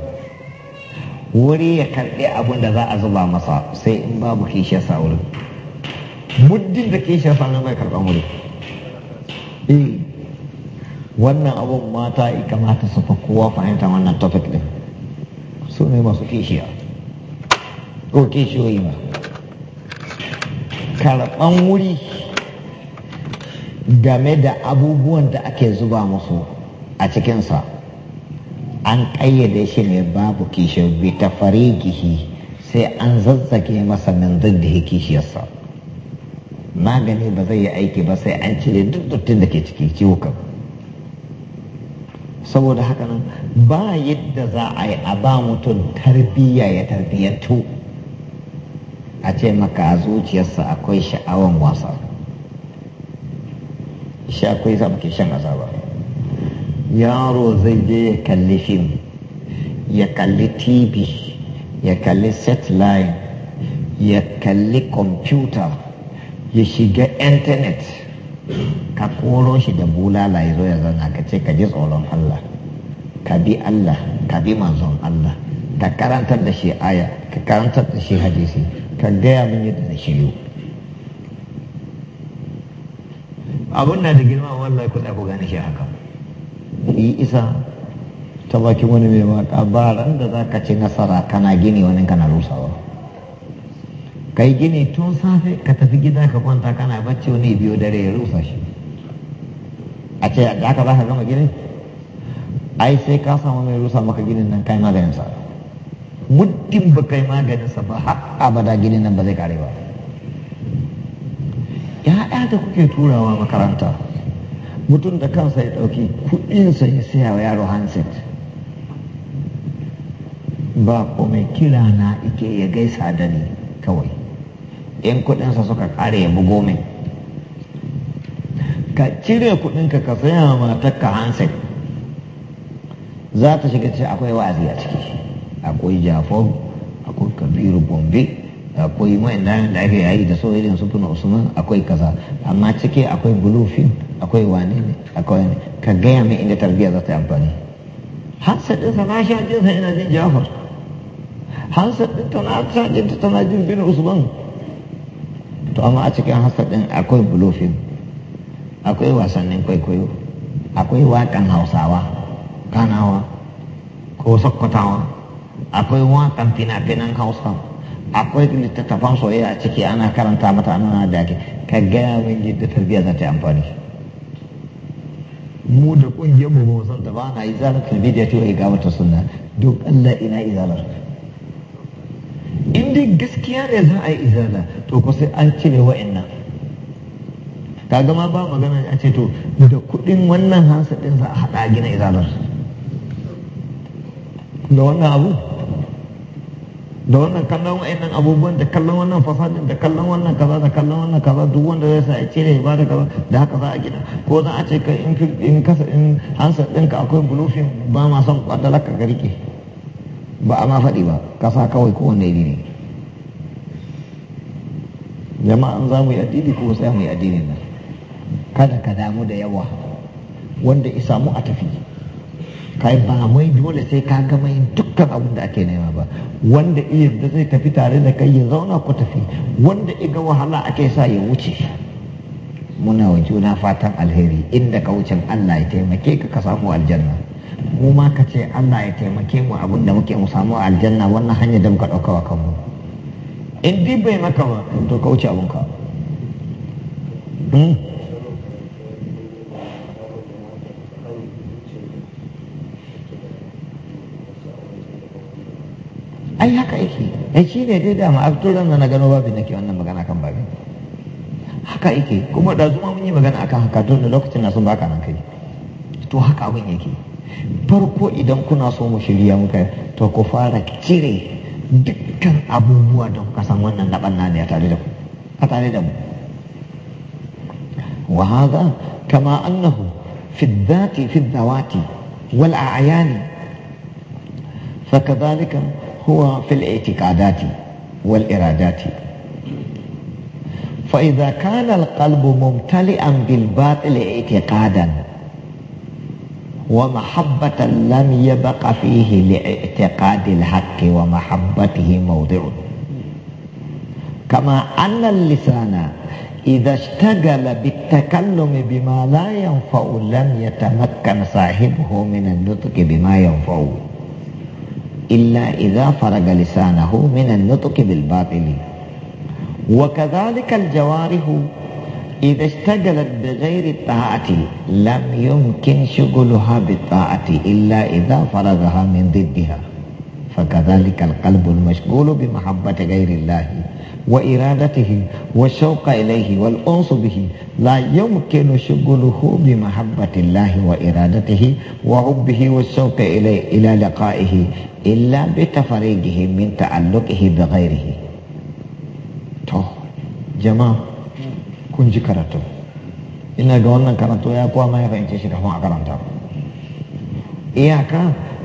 Speaker 1: wuri ya karɓi abinda za a zuba masa sai in babu kishiyar wurin muddin da kishiyar nan bai karɓan wuri eh, wannan abun mata ya kamata su fa kowa fahimta wannan topic din su ne masu kishiya ko kishiyoyi ba karɓan wuri game da abubuwan da ake zuba musu a cikinsa an ƙayyade shi ne babu kishi bi ta farigihi sai an zazzage masa min ziddihi kishiyarsa magani ba zai yi aiki ba sai an cire duk duttin da ke ciki ciwukan saboda haka nan ba yadda za a yi a ba mutum tarbiyya ya tarbiyyantu a ce maka a zuciyarsa akwai sha'awan wasa shi akwai za ke shan azaba yaro zai je ya kalli fim ya kalli tv ya kalli satellite ya kalli kwamfuta ya shiga intanet ka koro shi da bulala ya zo ya zana ka ce ka ji tsoron allah ka bi allah ka bi manzon allah Ka karantar da shi aya ka karantar da shi hadisi ka gaya min yadda na shiryu abun na da girma wallahi kuɗa ku gani shi haka yi isa ta baki wani mai waka ba ran da za ka ci nasara kana gini wani kana rusawa yi gini tun safe ka tafi gida ka kwanta kana bacci wani biyo dare ya rusa shi a ce da aka za ka gama gini ai sai ka samu mai rusa maka ginin nan kai maganin sa muddin ba kai maganinsa ba har abada gidan nan ba zai kare ba ya'ya da kuke turawa makaranta mutum da kansa ya ɗauki kuɗinsa ya siya wa yaro handset ba komai kira na ike ya gaisa da ni kawai Yan kuɗinsa suka kare ya bugo min ka cire kuɗinka ka saya wa matarka handset za ta shiga ce akwai wa'azi a ciki akwai jafaru akwai kabiru bombe akwai wayannan da ake yayi da so irin su fina usman akwai kaza amma cike akwai bulufin akwai wane ne akwai ne ka gaya mai inda tarbiyya za ta yi amfani hansar ɗinsa na sha jinsa ina jin jafar hansar ɗinta na sha jinta tana jin bin usman to amma a cikin hansar ɗin akwai bulufin akwai wasannin kwaikwayo akwai waƙan hausawa kanawa ko sakkwatawa akwai wakan fina-finan hausa akwai littattafan soyayya a ciki ana karanta mata ana da ake ka gaya min yadda tarbiyya za ta yi amfani mu da kungiyar mu ba ba na izalar tarbiyya ta yi gawar ta sunna duk Allah ina izalar in dai gaskiya ne za a yi izala to ku sai an cire wa'annan Ta gama ba magana a ce to da kuɗin wannan hansa din za a haɗa gina izalar da wannan abu Eh, da wannan kallon wa'annan abubuwan da kallon wannan fasadin da kallon wannan kaza da kallon wannan kaza duk wanda zai sa ya cire ya bada kaza da haka za a gina ko za a ce ka in in kasa in hansa ɗinka akwai bulufin ba ma son kwadalar ka rike ba a ma faɗi ba kasa kawai wanda iri ne jama'an za mu yi addini ko sai mu yi addinin nan kada ka damu da yawa wanda isa mu a tafi kai ba mai dole sai ka gama yin dukkan abin da ake nema ba wanda iya da zai tafi tare da kai ya zauna ku tafi wanda iga wahala ake sa ya wuce muna wa juna fatan alheri inda ka wucin Allah ya taimake ka ka samu aljanna mu ma ka ce Allah ya taimake mu abin da muke mu samu aljanna wannan hanyar da muka ɗauka wa kanmu in bai maka ba to ka wuce abin ka hmm? ai haka yake ai shi ne dai dama a turan na gano babu nake wannan magana kan babu haka yake kuma da zuma mun yi magana akan haka tun da lokacin na sun baka nan kai to haka abin yake farko idan kuna so mu shirya muka to ku fara cire dukkan abubuwa da kuka san wannan na ne a tare da ku a tare da mu wa hada kama annahu fi dhati fi dhawati wal a'yani فكذلك هو في الاعتقادات والإرادات فإذا كان القلب ممتلئا بالباطل اعتقادا ومحبة لم يبق فيه لاعتقاد الحق ومحبته موضع كما أن اللسان إذا اشتغل بالتكلم بما لا ينفع لم يتمكن صاحبه من النطق بما ينفعه إلا إذا فرغ لسانه من النطق بالباطل وكذلك الجوارح إذا اشتغلت بغير الطاعة لم يمكن شغلها بالطاعة إلا إذا فرغها من ضدها فكذلك القلب المشغول بمحبة غير الله وإرادته والشوق إليه والأنس به لا يمكن شغله بمحبة الله وإرادته وحبه والشوق إليه إلى لقائه إلا بتفريجه من تعلقه بغيره تو جماعة كن كرتو إن قولنا كرتو يا قوة يفعل تشير هو أكرم إياك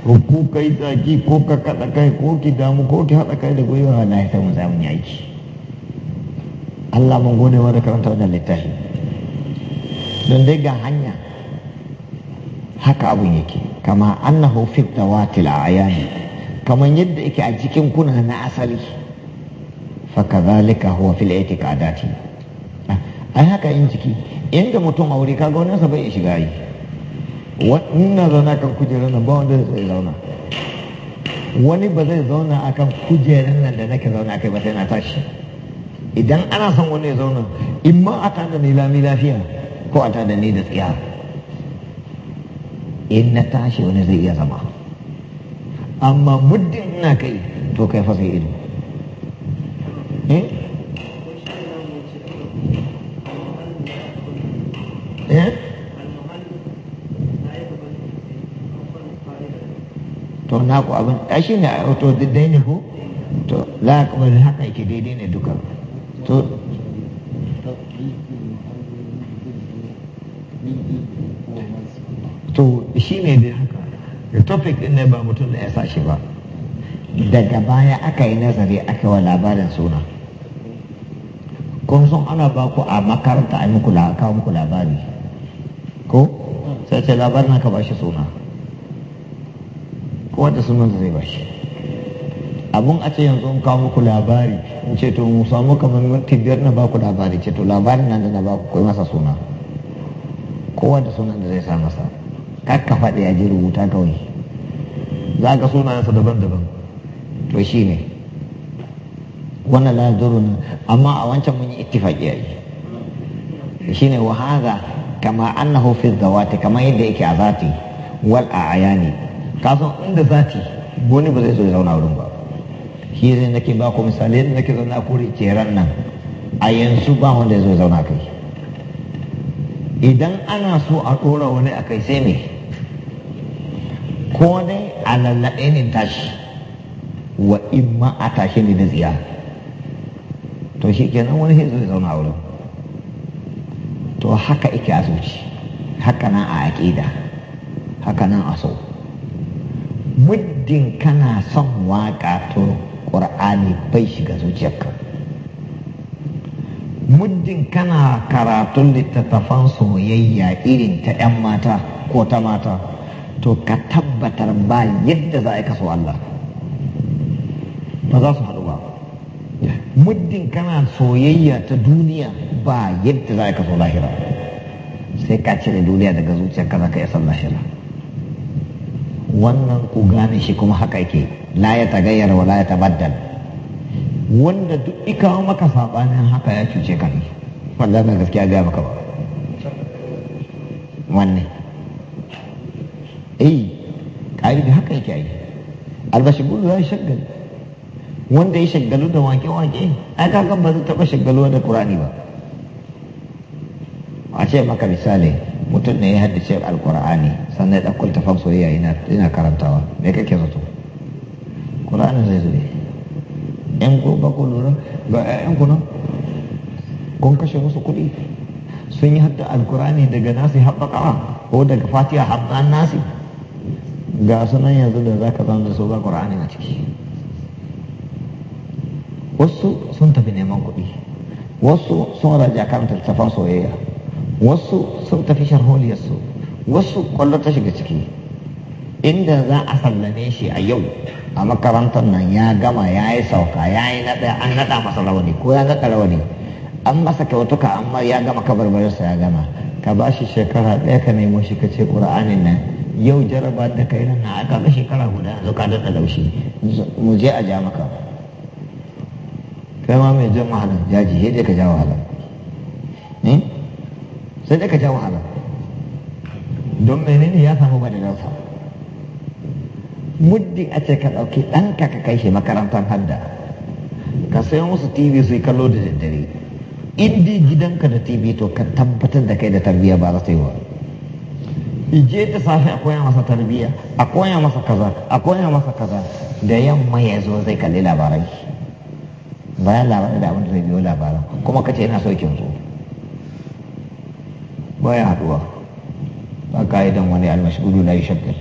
Speaker 1: ko kai tsaki ko ka kaɗa kai ko ki damu ko ki haɗa kai da gwiwa na ya samu zamun yaki Allah mun gode wa da karanta wannan littafi don dai ga hanya haka abun yake kama annahu fi dawatil ayani kaman yadda yake a cikin kuna na asali fa kadhalika huwa fil i'tiqadati ah, ai haka in ciki inda mutum aure kaga wannan sa bai shiga yi wannan zauna kan kujerar nan ba wanda zai zauna wani ba zai zauna akan kujerar nan da nake zauna kai ba sai na tashi idan ana son wani ya zauna in ma a tada ni lami lafiya ko a tada ni da tsiya in na tashi wani zai iya zama amma muddin ina kai to kai fa sai ido eh? Eh? to na ku abin shi ne a to daidai ne ko to la kuma haka yake daidai ne duka to shi ne dai haka da topic din ne ba mutum da ya sa shi ba daga baya aka yi nazari aka wa labarin suna kun sun ana ba ku a makaranta a muku kawo muku labari ko sai ce labarin ka ba shi suna ko wata sunan da zai ba shi abun a ce yanzu in kawo muku labari in ce to mu samu kamar minti biyar na baku labari ce to labarin nan da na baku kai masa suna kowa da sunan da zai sa masa kakka faɗi a ji rubuta kawai za ka sunayensa daban-daban to shi ne wannan la na amma a wancan mun yi a yi. shine wa hadha kama annahu fi zawati kama yadda yake a zati wal ayani kasan inda zati Boni ba zai so ya zauna wurin ba shi zai nake ba ku misali yadda nake zauna kuri ran nan a yanzu ba wanda zai zauna kai idan ana so a ɗora wani a kai sai me ko dai a lallaɓe ne tashi wa in ma a tashi ne da ziya to shi kenan wani shi zai zauna wurin to haka ike a zuci haka nan a aƙida haka nan a so muddin kana son waƙa to ƙur'ani bai shiga zuciyarka muddin kana karatun littattafan soyayya irin ta 'yan mata ko ta mata to ka tabbatar ba yadda za a kaso Allah ba za su haɗu ba muddin kana soyayya ta duniya ba yadda za a kaso lahira sai ka cire duniya daga zuciyar za ka yi san lahira wannan ku gane shi kuma haka yake la ya tagayyara wa la ya tabaddal wanda duk ika maka sabanin haka ya cuce ka ne wanda na gaskiya ga maka ba wannan eh kai da haka yake ai albashi gudu ya shagali wanda ya shagalu da wake-wake ai kan ba zai taba shagaluwa da qur'ani ba a ce maka misali mutum ne ya haddace alkur'ani sannan ya ɗaukul tafan soyayya ina karantawa me kake zato kur'anin zai zube in ko ba ko lura ba ƴaƴan ku kun kashe musu kuɗi sun yi hadda alkur'ani daga nasi haɓɓaƙawa ko daga fatiha haɓɓan nasi ga sunan yanzu da za ka zama da su ba ƙur'ani na ciki wasu sun tafi neman kuɗi wasu sun raja kan tattafan soyayya wasu sun tafi sharholiyarsu wasu kwallo ta shiga ciki inda za a sallame shi a yau a makarantar nan ya gama ya yi sauka ya yi naɗa an naɗa masa rawani ko ya naɗa rawani an masa kyautuka amma ya gama kabarbarinsa ya gama ka ba shi shekara ɗaya ka nemo shi ka ce ƙura'anin nan yau jaraba da kai nan na aka ga shekara guda yanzu ka daɗa laushi mu je a ja maka kai ma mai jan wahala jaji ya je ka ja wahala. sai da ka ja wahala don menene ya samu ba da nasa muddin a ce ka ɗauki ɗanka ka kai shi makarantar hadda ka sayo musu tv su yi kallo da daddare Indi dai gidanka da tv to ka tabbatar da kai da tarbiyya ba za ta yi wa ije ta safe a koya masa tarbiyya a koya masa kaza a koya masa kaza da yamma ya zo zai kalli labarai bayan labarai da abin da zai biyo labaran kuma kace ce ina so kin baya haduwa yi ka'idan wani almashigulu na yi shagal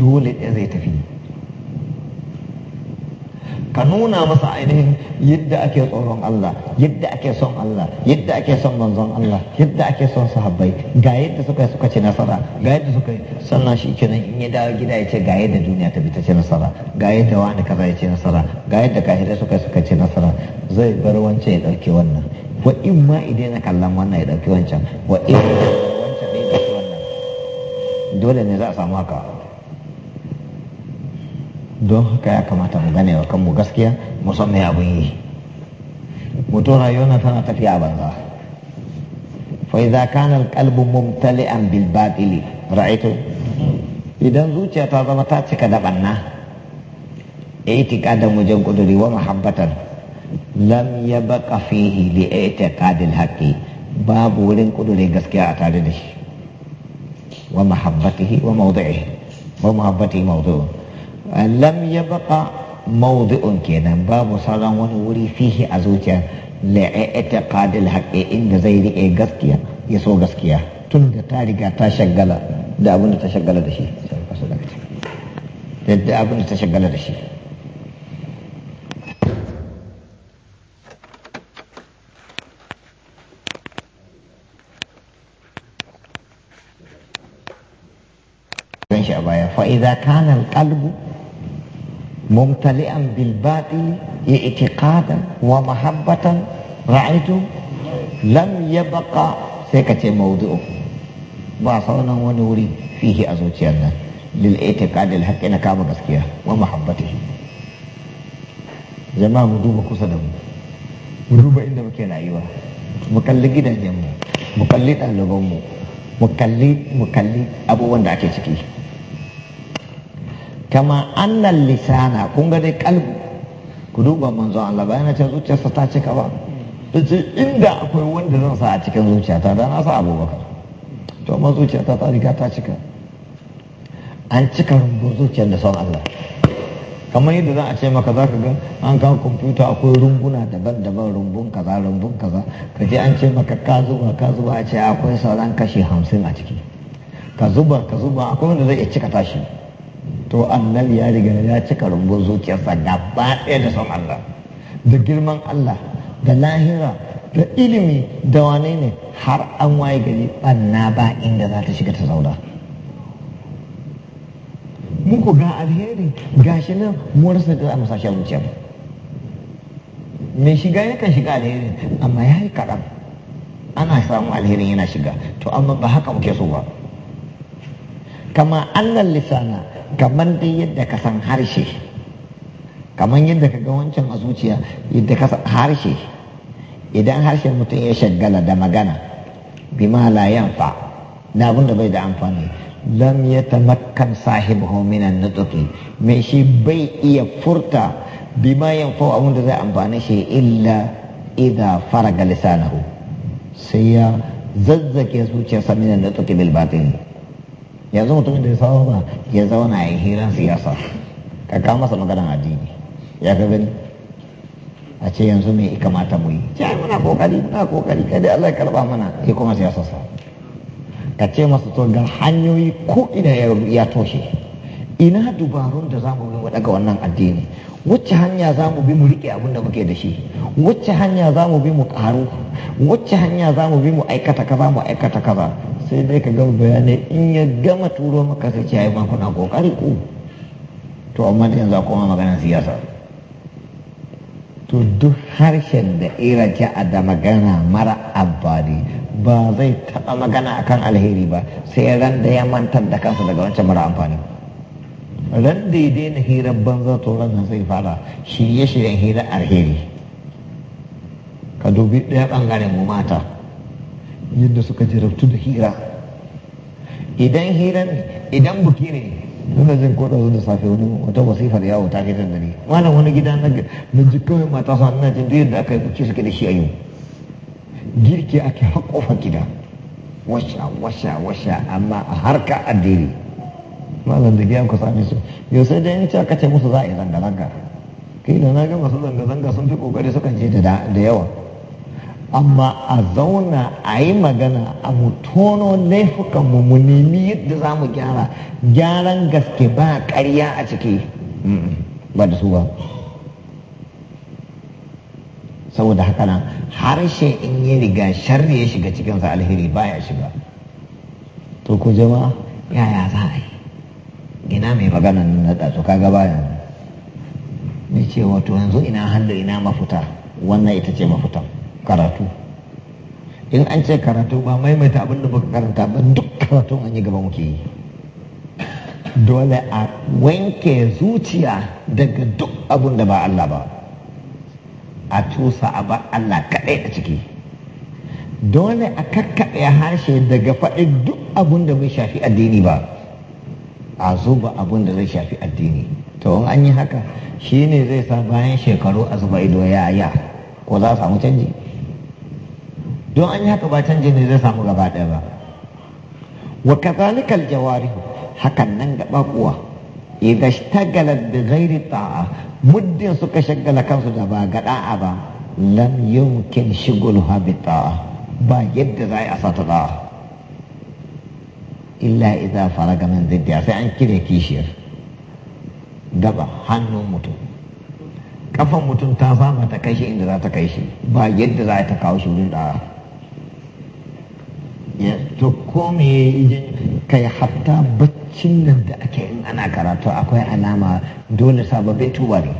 Speaker 1: dole ɗaya zai tafi ka nuna masa ainihin yadda ake tsoron Allah yadda ake son Allah yadda ake son manzon Allah yadda ake son sahabbai ga yadda suka yi suka ci nasara ga yadda suka yi sannan shi kenan in ya dawo gida ya ce ga yadda duniya ta bi ta ci nasara ga yadda wani kaza ya ci nasara ga yadda kahirai suka yi suka ci nasara zai bar wancan ya ɗauke wannan wa in ma idan na kallon wannan ya dauki wancan wa in wancan ne dauki wannan dole ne za a samu haka don haka ya kamata mu gane wa kanmu gaskiya mu san me abun yi mutum rayuwa tana tafiya a banza fa idza kana alqalbu mumtali'an bil batili ra'aytu idan zuciya ta zama ta cika da banna i'tiqadan wajen kuduri wa mahabbatan lam ya baka fihi bi i'tiqadil haqi babu wurin kudure gaskiya a tare da shi wa mahabbatihi wa mawdi'ihi wa mahabbatihi mawdu'un lam ya baka mawdu'un kenan babu sauran wani wuri fihi a zuciya la i'tiqadil haqi inda zai rike gaskiya ya so gaskiya tun da ta riga ta shagala da abin da ta shagala da shi da abin da ta shagala da shi shi a baya fa idza kana al-qalbu mumtali'an bil batil i'tiqadan wa mahabbatan ra'aytu lam yabqa sai ka ce maudu'u ba saunan wani wuri fihi a zuciyar nan lil i'tiqadil haqqi na kama gaskiya wa mahabbatihi jama'a mu duba kusa da mu mu duba inda muke rayuwa mu kalli gidajenmu mu kalli ɗalibanmu mu kalli mu kalli abubuwan da ake ciki kama annan lisana kun ga dai kalbu ku duba manzo Allah bayan ta ce zuciyarsa ta cika ba ce inda akwai wanda zan sa a cikin zuciyata da na sa abubakar to ma zuciyata ta riga ta cika an cika rumbun zuciyar da son Allah kamar yadda za a ce maka za ka ga an kawo kwamfuta akwai rumbuna daban-daban rumbun kaza rumbun kaza ka je an ce maka ka zuba ka zuba a ce akwai sauran kashi hamsin a ciki ka zuba ka zuba akwai wanda zai iya cika tashi to annabi ya riga ya cika rumbun zuciyarsa gaba ɗaya da son Allah da girman Allah da lahira da ilimi da wane ne har an waye gari banna ba inda za ta shiga ta zauna muku ga alheri gashi nan mu rasa da za mu sashi zuciya mai shiga ka shiga alheri amma ya yi kaɗan ana samun alherin yana shiga to amma ba haka muke so ba kama annan lisana kamar dai yadda ka san harshe kamar yadda ka ga wancan a zuciya yadda ka san harshe idan harshe mutum ya shagala da magana bima la yanfa na abin da bai da amfani lam ya tamakkan sahibu minan nutqi mai shi bai iya furta bima yanfa abin da zai amfani shi illa galisa na hu sai ya zazzake zuciyarsa minan nutqi bil batin yanzu mutumin da ya saba ya zauna ya hiran siyasa ka kawo masa maganar addini ya ka gani a ce yanzu me ika mata mu yi ce muna kokari muna kokari kai dai Allah ya karba mana ya kuma siyasa sa ka ce masa to ga hanyoyi ko ina ya toshe ina dubarun da zamu bi mu daga wannan addini wacce hanya zamu bi mu riƙe abin da muke da shi wacce hanya zamu bi mu karu wacce hanya zamu bi mu aikata kaza mu aikata kaza sai dai ka gama bayanai in ya gama turo maka ka ce ai ma kuna kokari ku to amma da yanzu a koma maganar siyasa to duk harshen da iraja a da magana mara amfani ba zai taɓa magana akan alheri ba sai ran da ya mantar da kansa daga wancan mara amfani ran da ya daina hirar banza to ran zai fara shirye-shiryen hirar alheri ka dubi ɗaya ɓangaren mu mata yadda suka jarabtu da hira idan hira ne idan buki ne nuna jin koda zuwa da safe wani wata wasifar yawo ta gidan da ne malam wani gida na na ji kawai mata sa na jin duk yadda aka yi buki suke da shi a yau girki ake haƙofa gida washa washa washa amma a harka addini malam da giyan ku sami su yau sai dai ni ce aka ce musu za a yi zanga-zanga da na ga masu zanga-zanga sun fi ƙoƙari sukan je da yawa amma a zauna a yi magana a mu tono laifukanmu mu nemi yadda za mu gyara gyaran gaske ba ƙarya a ciki ba da su ba saboda haka nan harshe in yi riga sharri ya shiga cikinsa alheri baya shiga to ku jama'a yaya za a yi ina mai magana na ɗazu kaga bayan ne ce wato yanzu ina hannu ina mafuta wannan ita ce mafutan karatu in an ce karatu ba maimaita abin da baka karanta ba duk karatun an yi gaba muke yi dole a wanke zuciya daga duk abin da ba Allah ba a tusa a ba Allah kaɗai a ciki dole a kakkaɓe harshe daga faɗin duk abin da bai shafi addini ba a zuba abin da zai shafi addini to in an yi haka shi ne zai sa bayan shekaru a zuba ido ya ya ko za a samu canji don an yi haka ba canji ne zai samu gaba ɗaya ba wa kazalikal jawari hakan nan gaba kuwa idan shtagalat da ghairi ta'a muddin suka shagala kansu da ba ga da'a ba lam yumkin shigul habita ba yadda za a sata da'a illa idza faraga min ziddiya sai an kire kishiyar gaba hannun mutum kafan mutum ta zama ta kai shi inda za ta kai shi ba yadda za ta kawo shi wurin da'a ya to ko me kai hatta baccin nan da ake yin ana karatu akwai alama dole sababin tuba ne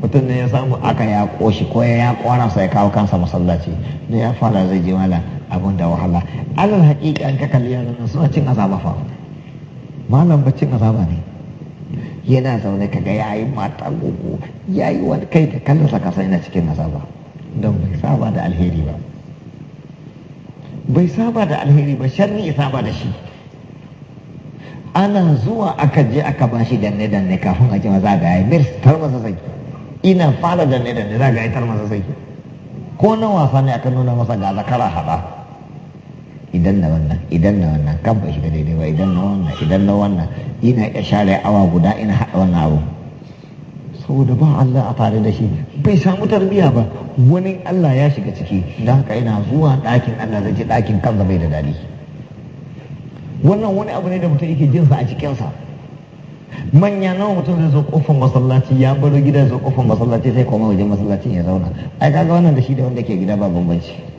Speaker 1: mutum ne ya samu aka ya koshi ko ya kwana sai kawo kansa masallaci da ya fara zai ji mala abin da wahala alal haƙiƙa ka kalli nan suna cin azaba fa malam baccin azaba ne yana zaune ka ga yayi mata gogo yayi wani kai da kallon sa ka yana cikin azaba don bai saba da alheri ba bai saba da alheri ba sharri ya saba da shi ana zuwa aka je aka ba shi danne danne kafin a ce za ga ya bir tar masa sai ina fara danne danne za ga ya tar masa sai ko na wasa ne aka nuna masa ga zakara haɗa. idan na wannan idan na wannan kan ba shi da daidai ba idan na wannan idan na wannan ina iya share awa guda ina haɗa wannan abu saboda ba Allah a tare da shi bai samu tarbiya ba wani Allah ya shiga ciki da haka yana zuwa ɗakin Allah zai ce ɗakin kansa bai da daɗi wannan wani abu ne da mutum yake jinsa a cikinsa manya nawa mutum zai zo kofar masallaci ya baro gida zo kofar masallaci sai kuma wajen masallacin ya zauna ai kaga wannan da shi da wanda ke gida ba bambanci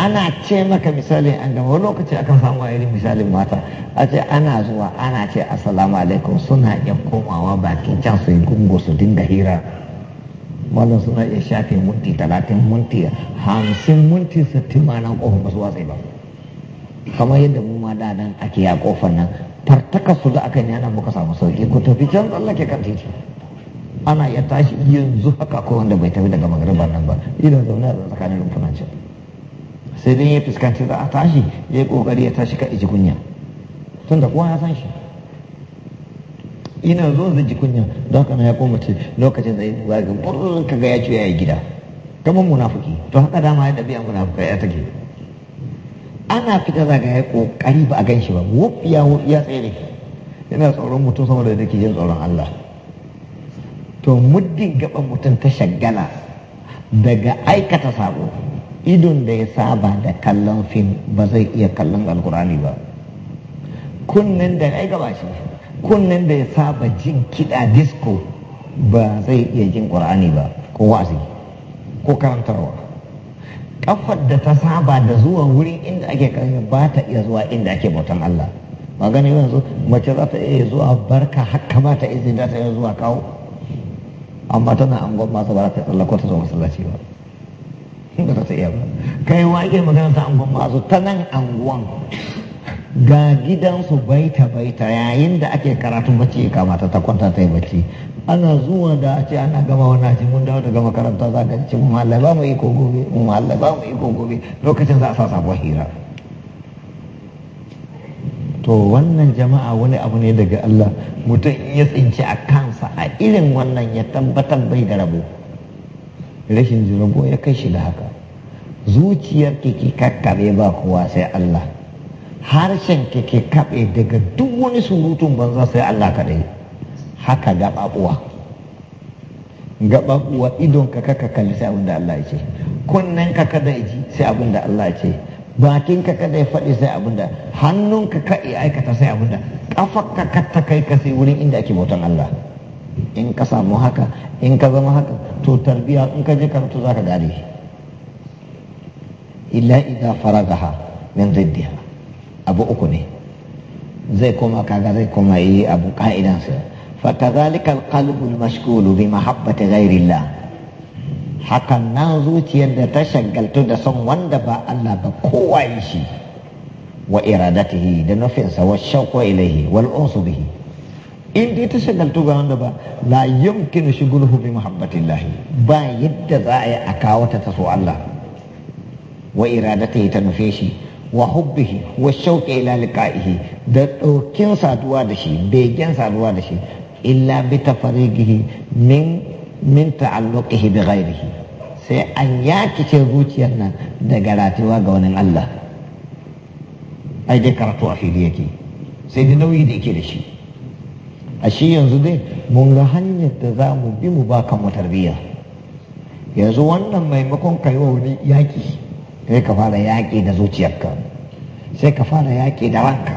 Speaker 1: ana ce maka misalin an gama wani lokaci akan samu a irin misalin mata a ce ana zuwa ana ce assalamu alaikum suna iya komawa bakin can su yi gungo su dinga hira malam suna iya shafe munti talatin munti hamsin munti sittin ma nan kofar basu watsai ba kamar yadda mu ma da ake ya kofar nan fartaka su da aka yana muka samu sauki ku tafi can tsallake kan titi ana iya tashi yanzu haka ko wanda bai tafi daga magariba nan ba idan zaune a tsakanin rumfunan can sai dai ya fuskanci za a tashi ya kokari ya tashi ka jikunya tun da kowa ya san shi ina zo zai ji kunya don haka na ya koma ce lokacin da ya ga burin kaga ya ce ya yi gida kamar munafuki to haka dama ya dabi'a munafuka ya take ana fita zaga ya kokari ba a gan shi ba wofiya wofiya ne yana tsoron mutum sama da nake jin tsoron Allah to muddin gaban mutum ta shagala daga aikata sabo idon da ya saba da kallon fim ba zai iya kallon alkurani ba kunnen da ya gaba shi kunnen da ya saba jin kiɗa disco ba zai iya jin ƙur'ani ba ko wa'azi ko karantarwa kafar da ta saba da zuwa wurin inda ake karya ba ta iya zuwa inda ake bautan Allah magana yanzu mace za ta iya zuwa barka haka ba ta izini za ta iya zuwa kawo amma tana angon masu ba za ta tsallako ta zo masallaci ba ba ta iya ba kai wake magana ta anguwan masu ta nan anguwan ga gidansu baita baita yayin da ake karatun bacci ya kamata ta kwanta ta yi bacci ana zuwa da a ce ana gama wannan ce mun dawo daga makaranta za ka ce mun ba mu iko gobe mun ba mu iko gobe lokacin za a sa sabuwar hira to wannan jama'a wani abu ne daga Allah mutum iya ya tsinci a kansa a irin wannan ya tabbatar bai da rabo rashin zunubo ya kai shi da haka zuciyar kike kakkaɓe ba kowa sai Allah harshen kike kaɓe daga duk wani surutun banza sai Allah kaɗai haka gaɓaɓuwa gaɓaɓuwa idon ka kaka kalli sai abin da Allah ya ce kunnen ka kada ya ji sai abin da Allah ya ce bakin ka kada ya faɗi sai abin da hannun ka ka aikata sai abin da ƙafar ka ka kai ka sai wurin inda ake bautan Allah in ka samu haka in ka zama haka to tarbiya in ka je karatu za ka gane illa idan faragaha min ziddiha abu uku ne zai koma kaga zai koma yi abu Fa fakazalika alqalbu almashghulu bi mahabbati ghairillah hakan nan zuciyar da ta shagaltu da son wanda ba Allah ba kowa yi shi wa iradatihi da nufinsa wa shauqo ilayhi wal unsu bihi in dai ta shagaltu ga wanda ba la yumkin shugulhu bi muhabbatillah ba yadda za a yi a kawo ta taso Allah wa iradatihi ta nufe shi wa hubbihi wa shauqi ila liqa'ihi da ɗaukin saduwa da shi begen saduwa da shi illa bi tafarigihi min min ta'alluqihi bi ghairihi sai an yakice zuciyar nan daga ratuwa ga wani Allah ai dai karatu a fili yake sai da nauyi da yake da shi a shi yanzu dai mun ga hanyar da za mu bi mu ba kanmu tarbiyya yanzu wannan maimakon ka yi wa wani yaƙi sai ka fara yaƙi da zuciyarka sai ka fara yaƙi da ranka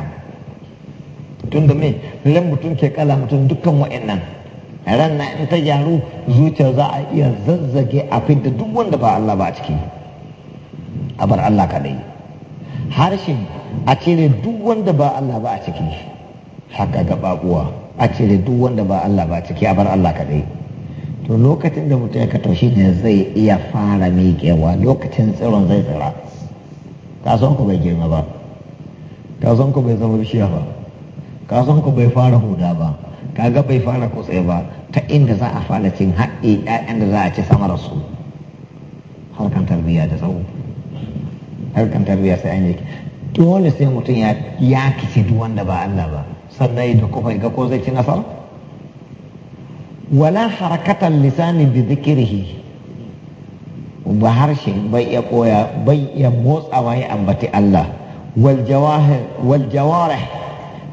Speaker 1: tun da mai ran mutum ke kala mutum dukkan wa'annan ran na in ta gyaru zuciyar za a iya zazzage a fidda duk wanda ba Allah ba a ciki a bar Allah kaɗai harshen a cire duk wanda ba Allah ba a ciki haka baƙuwa. a cire duk wanda ba Allah ba ciki a bar Allah kaɗai to lokacin da mutum ya kato shi ne zai iya fara miƙewa lokacin tsiron zai tsira kasan ku bai girma ba kasan ku bai zama bishiya ba kasan ku bai fara huda ba kaga bai fara kutse ba ta inda za a fara cin haɗe ɗayan da za a ci sama da su harkan tarbiyya da tsawo harkan tarbiyya sai an yi dole sai mutum ya kici duk wanda ba Allah ba sannan duk dukufa ga ko zai ci nasar wala harakatan lisanin bi zikirhi ba harshe bai iya koya bai iya wa ya ambati Allah wal jawarih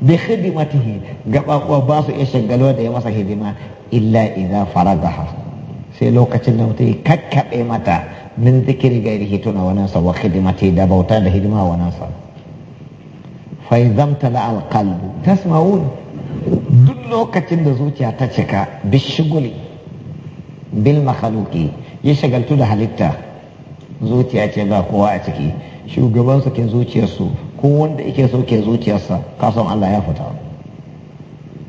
Speaker 1: bi khidmatihi gaba kuwa ba su iya shagalo da ya masa hidima illa idza faragaha sai lokacin da yi kakkaɓe mata min zikiri gairi hituna wannan sa wa khidmati da bauta da hidima wannan sa faizamta la tasma'un duk lokacin da zuciya ta cika bishiguli bil makhluqi ya shagaltu da halitta zuciya ce ba kowa a ciki shugaban su ke zuciyarsu ko wanda yake so ke zuciyarsa kasan Allah ya fita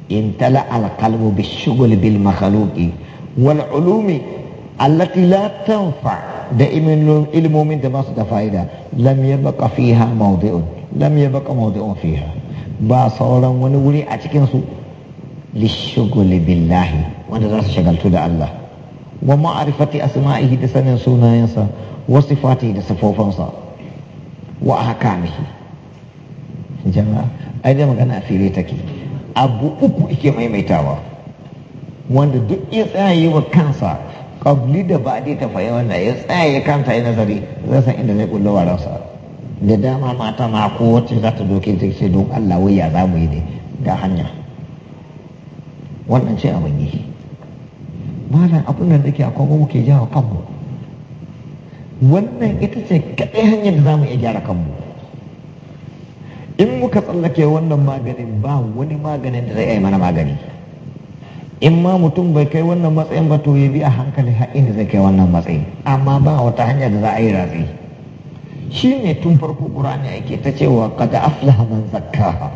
Speaker 1: in tala alqalbu bishiguli bil makhluqi wal ulumi allati la tanfa da ilmomin da ba su da fa'ida lam yabqa fiha mawdi'un lam ya baka mawdu'un fiha ba sauran wani wuri a cikin su lishuguli billahi wanda za su shagaltu da Allah wa ma'arifati asma'ihi da sanin sunayensa wa sifati da sifofinsa wa ahkamihi jama'a ai da magana a fili take abu uku yake maimaitawa wanda duk ya tsaye wa kansa kabli da ba ta ya wannan ya tsaye kanta ya nazari zai san inda zai kullu wa ransa da dama mata ko wacce za ta doke ta ce don Allah wai ya za mu yi ne da hanya wannan ce abin yi malam abin da take akwai kuma muke jawo kanmu wannan ita ce kaɗai hanyar da za mu iya gyara kanmu in muka tsallake wannan maganin ba wani maganin da zai yi mana magani in ma mutum bai kai wannan matsayin ba to ya bi a hankali har da zai kai wannan matsayin amma ba wata hanyar da za a yi ratsi shi ne tun farko ƙurani ake ta cewa kada aflaha man zakkaha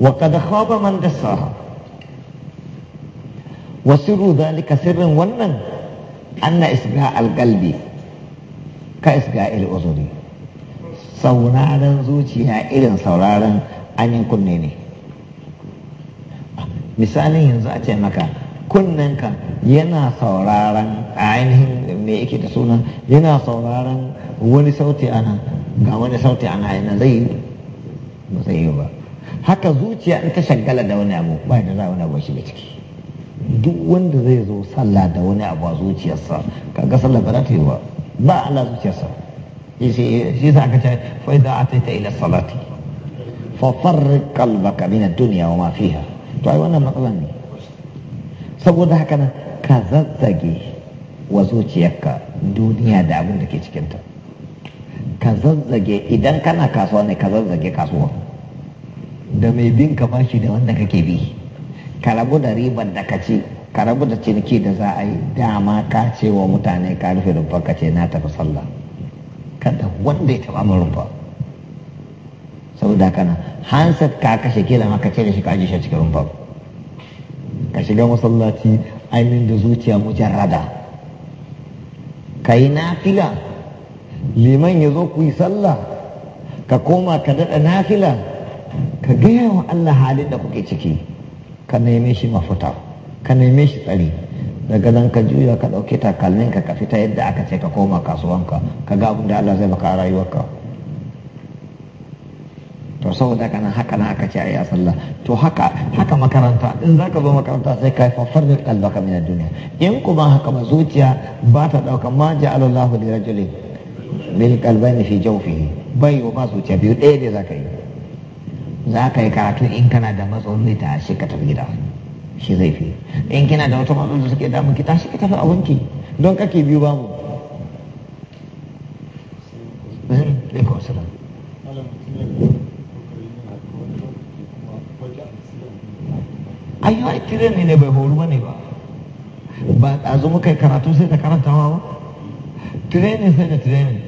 Speaker 1: wa kada khaba man dasa, wa sirru zalika sirrin wannan anna isga alqalbi ka isga il uzuri sauraron zuciya irin sauraron anyin kunne ne misalin yanzu a ce maka kunnenka yana sauraron ainihin me yake da suna yana sauraron wani sauti ana ga wani sauti ana yana zai ba zai yi ba haka zuciya in ta shagala da wani abu ba da za wani abu shi da ciki duk wanda zai zo sallah da wani abu a zuciyarsa kaga sallah ba za ta yi ba ba ala zuciyarsa shi sa aka ce fa idza ta ila salati fa farriq qalbaka min ad-dunya wa ma fiha to ai wannan matsalan ne saboda haka nan ka zazzage wa zuciyarka duniya da abin da ke cikinta ka zazzage idan kana kasuwa ne ka zazzage kasuwa da mai bin ka bashi da wanda kake bi ka rabu da ribar da ka ci ka rabu da ciniki da za a yi dama ka ce wa mutane ka rufe rumfa ka ce na tafi sallah kada wanda ya taba min rumfa saboda kana hansat ka kashe kila maka ka ce da shi ka ajiye shi cikin rumfa ka shiga masallaci ainihin da zuciya mujarrada ka yi nafila liman ya zo ku yi sallah ka koma ka daɗa nafila ka gaya wa Allah halin da kuke ciki ka neme shi mafuta ka neme shi tsari daga nan ka juya ka ɗauki takalmin ka ka fita yadda aka ce ka koma kasuwanka ka ga abin da Allah zai baka a rayuwarka saboda kana haka na aka ce ayi sallah to haka haka makaranta in za ka zo makaranta sai ka yi fafarri qalbaka min ad duniya in kuma haka ba zuciya ba ta dauka ma ja'alallahu li rajulin bil qalbayni fi jaufi bai wa ba zuciya biyu ɗaya ne ka yi za ka yi karatu in kana da matsaloli ta shi ka tafi gida shi zai fi in kina da wata matsaloli da suke damu ki ta shi ka tafi a wanki don kake biyu ba mu. ai tireni ne bai horu ba ne ba ba a zo kai karatu sai da karantawa ba tirenin sai da tirenin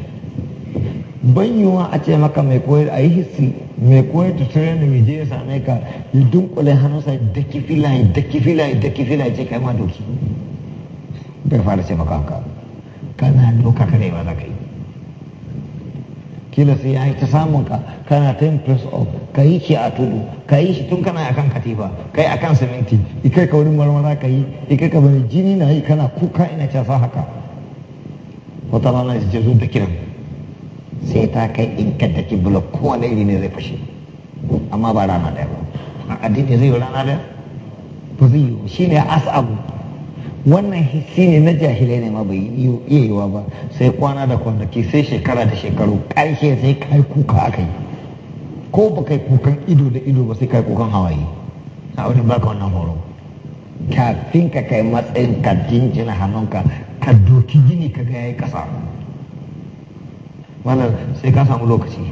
Speaker 1: ban yiwuwa a ce maka mai koyar a yi hissi mai koyar da tireni mai je ya same ka ya dunkule hannunsa da kifila da kifila da kifila ya ce kai ma doki bai fara ce maka haka kana doka kare ba za ka yi kila sai ya yi ta samun ka kana ten press up ka yi shi a tudu ka yi shi tun kana akan katifa kai akan siminti ikai ka wurin marmara ka yi ikai ka bari jini na yi kana kuka ina sa haka wata rana ya ce zo ta kiran sai ta kai in ka take ko kowane iri ne zai fashe amma ba rana daya ba a addini zai yi rana daya ba zai yi shi ne as'abu wannan hissi ne na jahilai ne ma bai iya yiwa ba sai kwana da kwanaki sai shekara da shekaru karshe sai kai kuka aka yi ko ba kai kukan ido da ido ba sai kai kukan hawaye a wurin baka wannan horo kafin ka kai matsayin ka jinjina hannunka ka doki gini ka ga yayi kasa wannan sai ka samu lokaci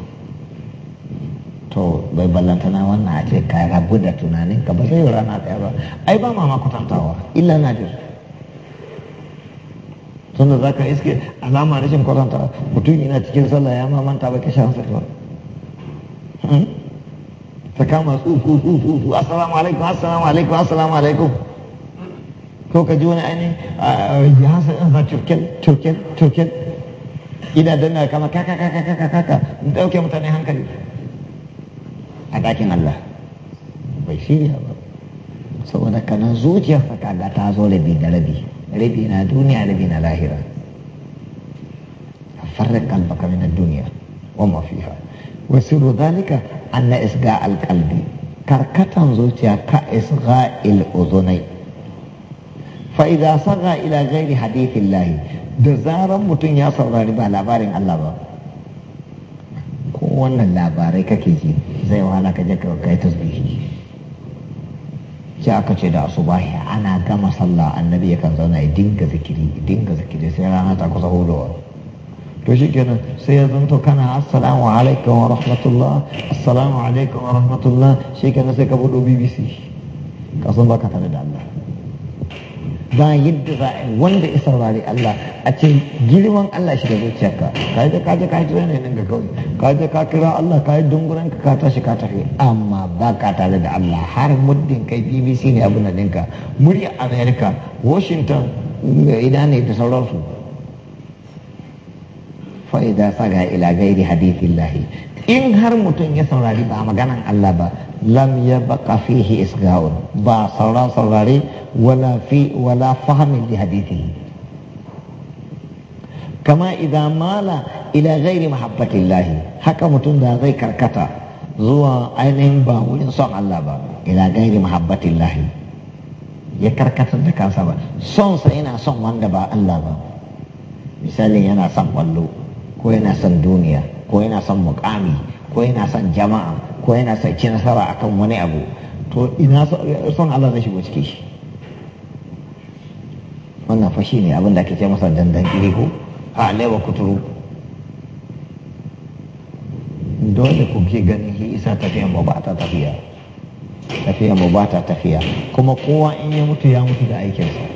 Speaker 1: to bai na wannan a ce ka rabu da tunaninka ba yi rana ɗaya ba ai ba ma ma kwatantawa illa nadir tunda za ka iske alama rashin kwatanta mutum yana cikin sallah ya ma manta ba ka sha hansa sallah hmm? ta kama su su su su su assalamu alaikum assalamu alaikum assalamu alaikum ko ka ji wani ainihin ah, ah, ya hasa in za turkel turkel turkel ina danna kama kaka kaka kaka kaka in ɗauke mutane hankali a dakin Allah bai shirya ba saboda kanan zuciyarsa ga ta zo da bi da rabi rabi na duniya rabi na lahira farra kalbaka min duniya wa ma wa sirru an na isga alkalbi karkatan zuciya ka isga il uzunai fa idza saga ila ghairi hadithillahi da zaran mutum ya saurari ba labarin Allah ba ko wannan labarai kake ji zai wahala ka je ka kai tasbihi ce aka ce da asubahi ana gama sallah annabi yakan zauna ya dinga zikiri dinga zikiri sai rana ta kusa hudowa to shi kenan sai ya zanto kana assalamu alaikum wa rahmatullah assalamu alaikum wa rahmatullah shi kenan sai ka buɗo bbc ka san baka tare da Allah ba yadda za a wanda ya saurari Allah a ce girman Allah shiga zuciyarka ka yi ka je ka kira ne nan ga kawai ka je ka kira Allah ka yi dunguran ka tashi ka tafi amma ba ka tare da Allah har muddin kai BBC ne abu na dinka murya America Washington ina ne da sauransu fa'ida saga ila gairi lahi in har mutum ya saurari ba maganan Allah ba lam yabqa fihi isgaun ba sauran saurari wala fi wala fahmin li hadithihi kama idan mala ila ghairi mahabbatillahi haka mutum da zai karkata zuwa ainihin ba wurin son Allah ba ila ghairi mahabbatillahi ya karkata da kansa ba son sa yana son wanda ba Allah ba misali yana son kwallo ko yana son duniya ko yana son mukami ko yana son jama'a ko yana sake nasara akan wani abu to ina son Allah zai shigo ciki shi wannan fashi ne abin da ake ce masa dandan iri a alewa kuturu dole ku ke ganin shi isa tafiya ba ta tafiya ba ba ta tafiya kuma kowa in ya mutu ya mutu da aikinsa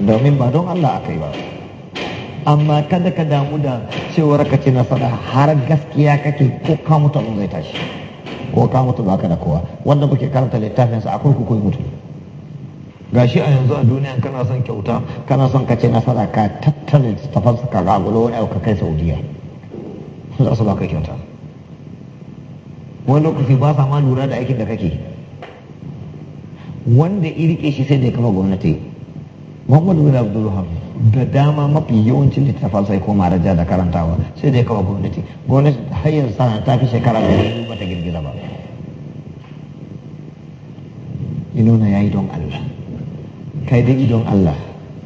Speaker 1: domin ba don Allah aka yi ba amma kada ka damu da cewar ka ce nasara har gaskiya kake ko ka mutu abin zai tashi ko ka mutu ba ka da kowa wanda kuke karanta littafin sa akwai kuku mutu gashi a yanzu a duniya kana son kyauta kana son ka ce nasara ka tattale tafan sa ka ragulo wani ka kai saudiya za su baka kyauta wani lokaci ba sa ma lura da aikin da kake wanda irike shi sai da ya kafa gwamnati muhammadu bin abdul wahab da dama mafi yawancin littafan sai koma raja da karantawa sai dai kawai gwamnati gwamnati har yanzu ta fi shekara da ba ta girgiza ba inuna ya yi don allah kai dai don allah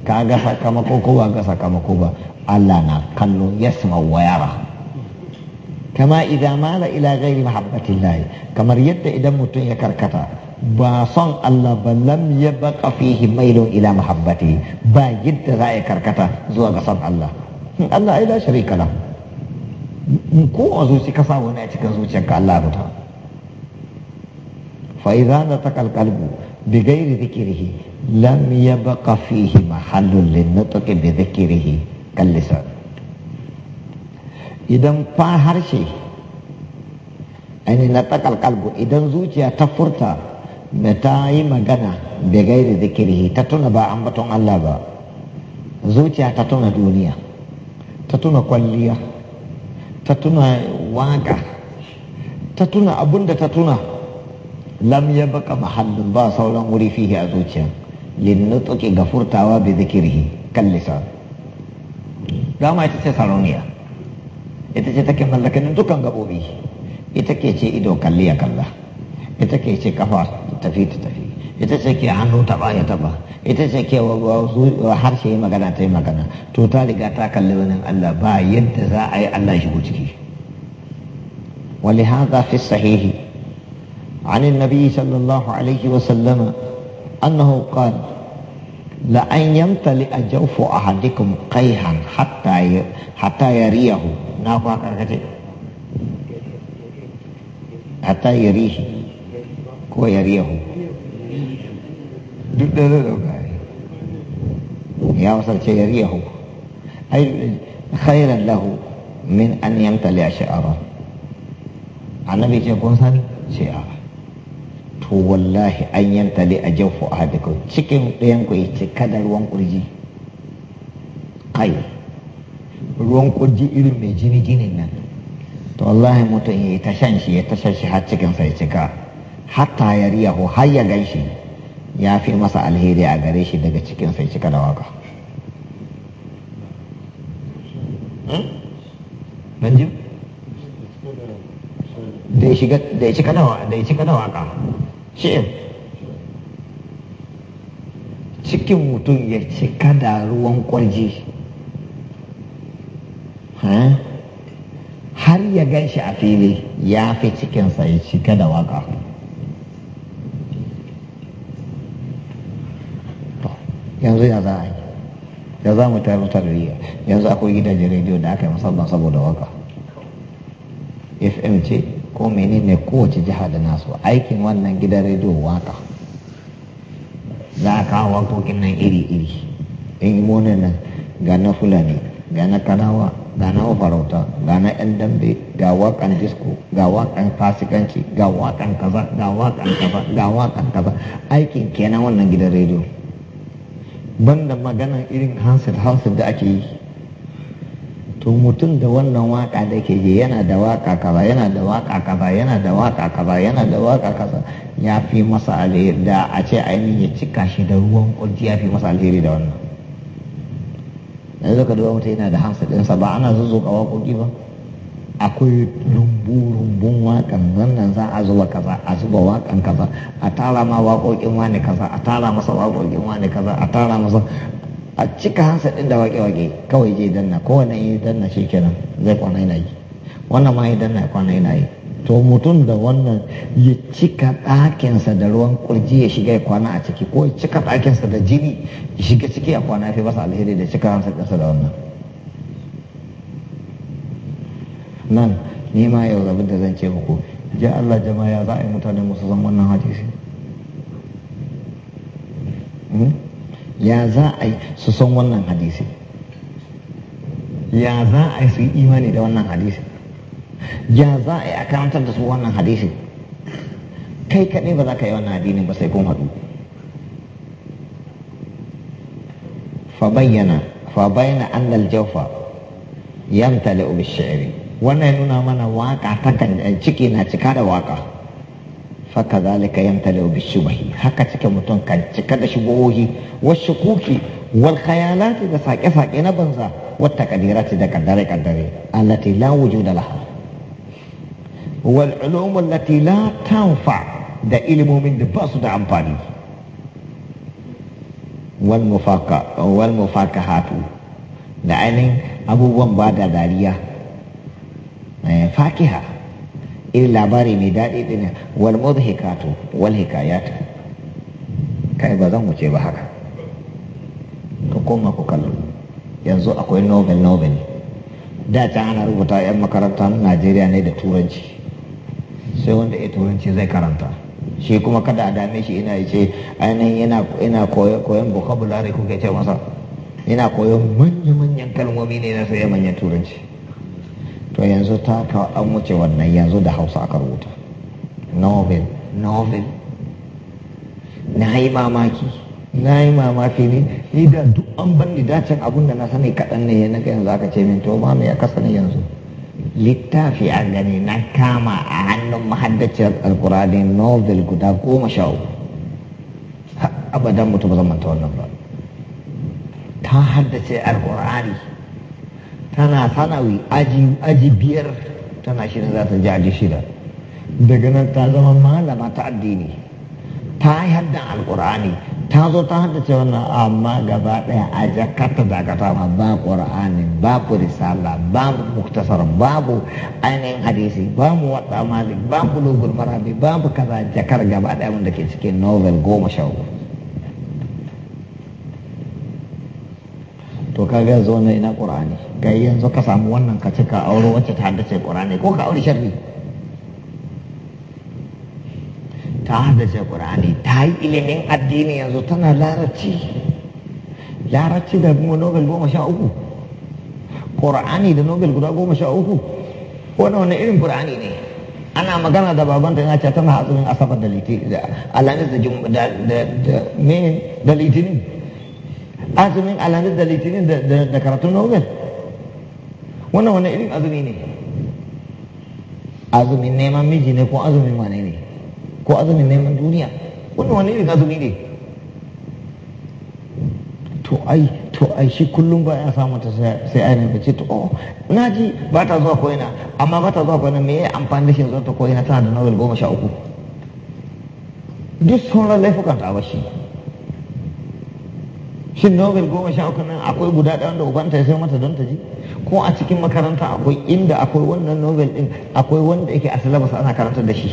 Speaker 1: ka ga sakamako ko ba ga sakamako ba allah na kallo ya wa wayara kama idan mala ila ghairi mahabbatillah kamar yadda idan mutum ya karkata ba son Allah ba lam ya baka fihi mailun ila muhabbati ba yadda za a karkata zuwa ga son Allah Allah ai la sharika la ko a zuci ka sa wani a cikin zuciyarka Allah ya ta fa idza nataqal qalbu bi ghairi dhikrihi lam yabqa fihi mahallun lin nutqi bi dhikrihi kallisa idan fa harshe ainihin na qalbu idan zuciya ta furta ta yi magana da gairi zikirhi ta tuna ba ambaton Allah ba zuciya ta tuna duniya ta tuna kwalliya ta tuna waka ta tuna abin da ta tuna lam ya baka mahallin ba sauran wuri fihi a zuciya linnutsuki ga furtawa bi zikirhi kan lisan dama ita ce saroniya ita ce take mallakanin dukkan gabobi ita ke ce ido kalli ya kalla ita ke ce kafa tafi ta tafi ita ce ke hannu taba ya taba ita ce ke harshe ya magana ta yi magana to ta riga ta kalli wani Allah ba yadda za a yi Allah shigo ciki wali haza fi sahihi عن النبي صلى الله عليه وسلم أنه قال لأن يمتلئ جوف أحدكم قيحا حتى حتى يريه نافع حتى يريه ko yariyahu duk da zai dauka ya wasarce yariyahu ai khairan lahu min an yanta a sha'ara annabi ce kun san ce a to wallahi an yamtali a haɗe ahadikum cikin ɗayan ku ce kada ruwan kurji kai ruwan kurji irin mai jini ginin nan to wallahi mutum ya yi ta shan shi ya ta shan shi har cikin sai cika hatta ya riyahu har ya gan shi ya fi masa alheri a gare shi daga cikin sai cika da waka eh? da ya cika da waka cikin mutum ya cika da ruwan kwarji eh? har ya gan shi a fili ya fi cikinsa ya cika da waka yanzu ya za a yi ya za mu tarbiyya yanzu akwai gidajen rediyo da aka yi musamman saboda waka fm ce ko menene kowace jiha da nasu aikin wannan gidan rediyo waka za a kawo wakokin nan iri-iri in yi mone nan ga na fulani ga na kanawa ga na farauta ga na yan dambe ga wakan disko ga wakan fasikanci ga wakan kaza ga wakan kaza ga wakan kaza aikin kenan wannan gidan rediyo banda magana irin hansar-hansar da ake yi to mutum da wannan waka da ke je yana da waka kaza yana da waka kaza yana da waka kaza yana da waka kaza ya fi masa alheri da a ce ainihin ya cika shi da ruwan kurji ya fi masa alheri da wannan yanzu ka duba mutum yana da hanset ɗinsa ba ana zuzzuka waƙoƙi ba akwai rumbu-rumbun wakan wannan za a zuba kaza a zuba wakan kaza a tara ma waƙoƙin wani kaza a tara masa waƙoƙin wani kaza a tara masa a cika hansa ɗin da waƙe-waƙe kawai je danna kowane yi danna shi kenan zai kwana yana yi wannan ma yi danna ya kwana yana yi to mutum da wannan ya cika ɗakinsa da ruwan kurji ya shiga ya kwana a ciki ko ya cika ɗakinsa da jini ya shiga ciki ya kwana fi masa alheri da cika hansa ɗinsa da wannan nan ni ma yau rabin da zan ce muku ja Allah jama'a za a yi mutanen musu zan wannan hadisi hmm? ya za a yi su san wannan hadisi ya za a yi su yi imani da wannan hadisi ya za a yi a karantar da su wannan hadisi kai kaɗai ba za ka yi wannan hadini ba sai kun haɗu fa bayyana fa bayyana annal jawfa yamtali'u bi shi'ri wannan ya nuna mana waka takan eh, ciki na cika da waka faka zalika yamtaliu bishubahi haka cike mutum kan cika da shubuhohi wasu kuki wal da saƙe-saƙe na banza wata kadirati da kaddare-kaddare allati la wujuda laha wal ulum allati la tanfa da ilimomin da ba su da amfani wal mufaka wal mufakahatu da ainihin abubuwan ba da dariya Eh, fakiha irin labari mai daɗi ɗin wal mudhikatu wal hikayat kai ba zan wuce ba haka ka koma ku kallo yanzu akwai novel novel da can ana rubuta yan makaranta na Najeriya ne da turanci sai wanda ya turanci zai karanta shi kuma kada a dame shi ina ce ainihin yana koyon ya kuka ce masa yana koyon manya-manyan kalmomi ne na sai manyan turanci to yanzu ta kawo an wuce wannan yanzu da hausa aka rubuta novel novel na yi mamaki na yi mamaki ne ni da duk an ban ni dacin abin da na sani kaɗan ne na yanzu aka ce min to ba mai ya kasa yanzu littafi a gani na kama a hannun mahaddaciyar alkurani novel guda goma sha uku abadan mutu ba wannan ba ta haddace alkurani tana sanawi aji aji biyar tana shirin za ta ji aji shida daga nan ta zama malama ta addini ta yi haddan alkur'ani ta zo ta haddace wannan amma gaba ɗaya a jakarta da aka tara ba babu risala babu muktasar babu ainihin hadisi babu wata malik babu lugul marabi babu kaza jakar gaba ɗaya wanda ke cikin novel goma sha uku to ka ga zo na ina qur'ani ga yanzu ka samu wannan ka cika aure wacce ta ce qur'ani ko ka aure sharri ta ce qur'ani ta yi ilimin addini yanzu tana larabci larabci da kuma nobel goma sha uku qur'ani da nobel guda goma sha uku wani wani irin qur'ani ne ana magana da da yana ce tana hatsumin asabar da litinin da alamis da da da litinin azumin alhamis da litinin da karatun nobel wannan wani irin azumi ne azumin neman miji ne ko azumin wane ne ko azumin neman duniya wannan wani irin azumi ne to ai to ai shi kullum ba ya samu ta sai ainihin ce to oh, na ji ba ta zuwa koyina amma ba ta zuwa koyina me ya amfani da shi zuwa ta koyina tana da nobel goma sha uku duk sauran laifukan ta bashi shin nobel goma sha uku nan akwai guda ɗaya wanda ubanta ya sai mata don ta ji ko a cikin makaranta akwai inda akwai wannan nobel ɗin akwai wanda yake a syllabus ana karanta da shi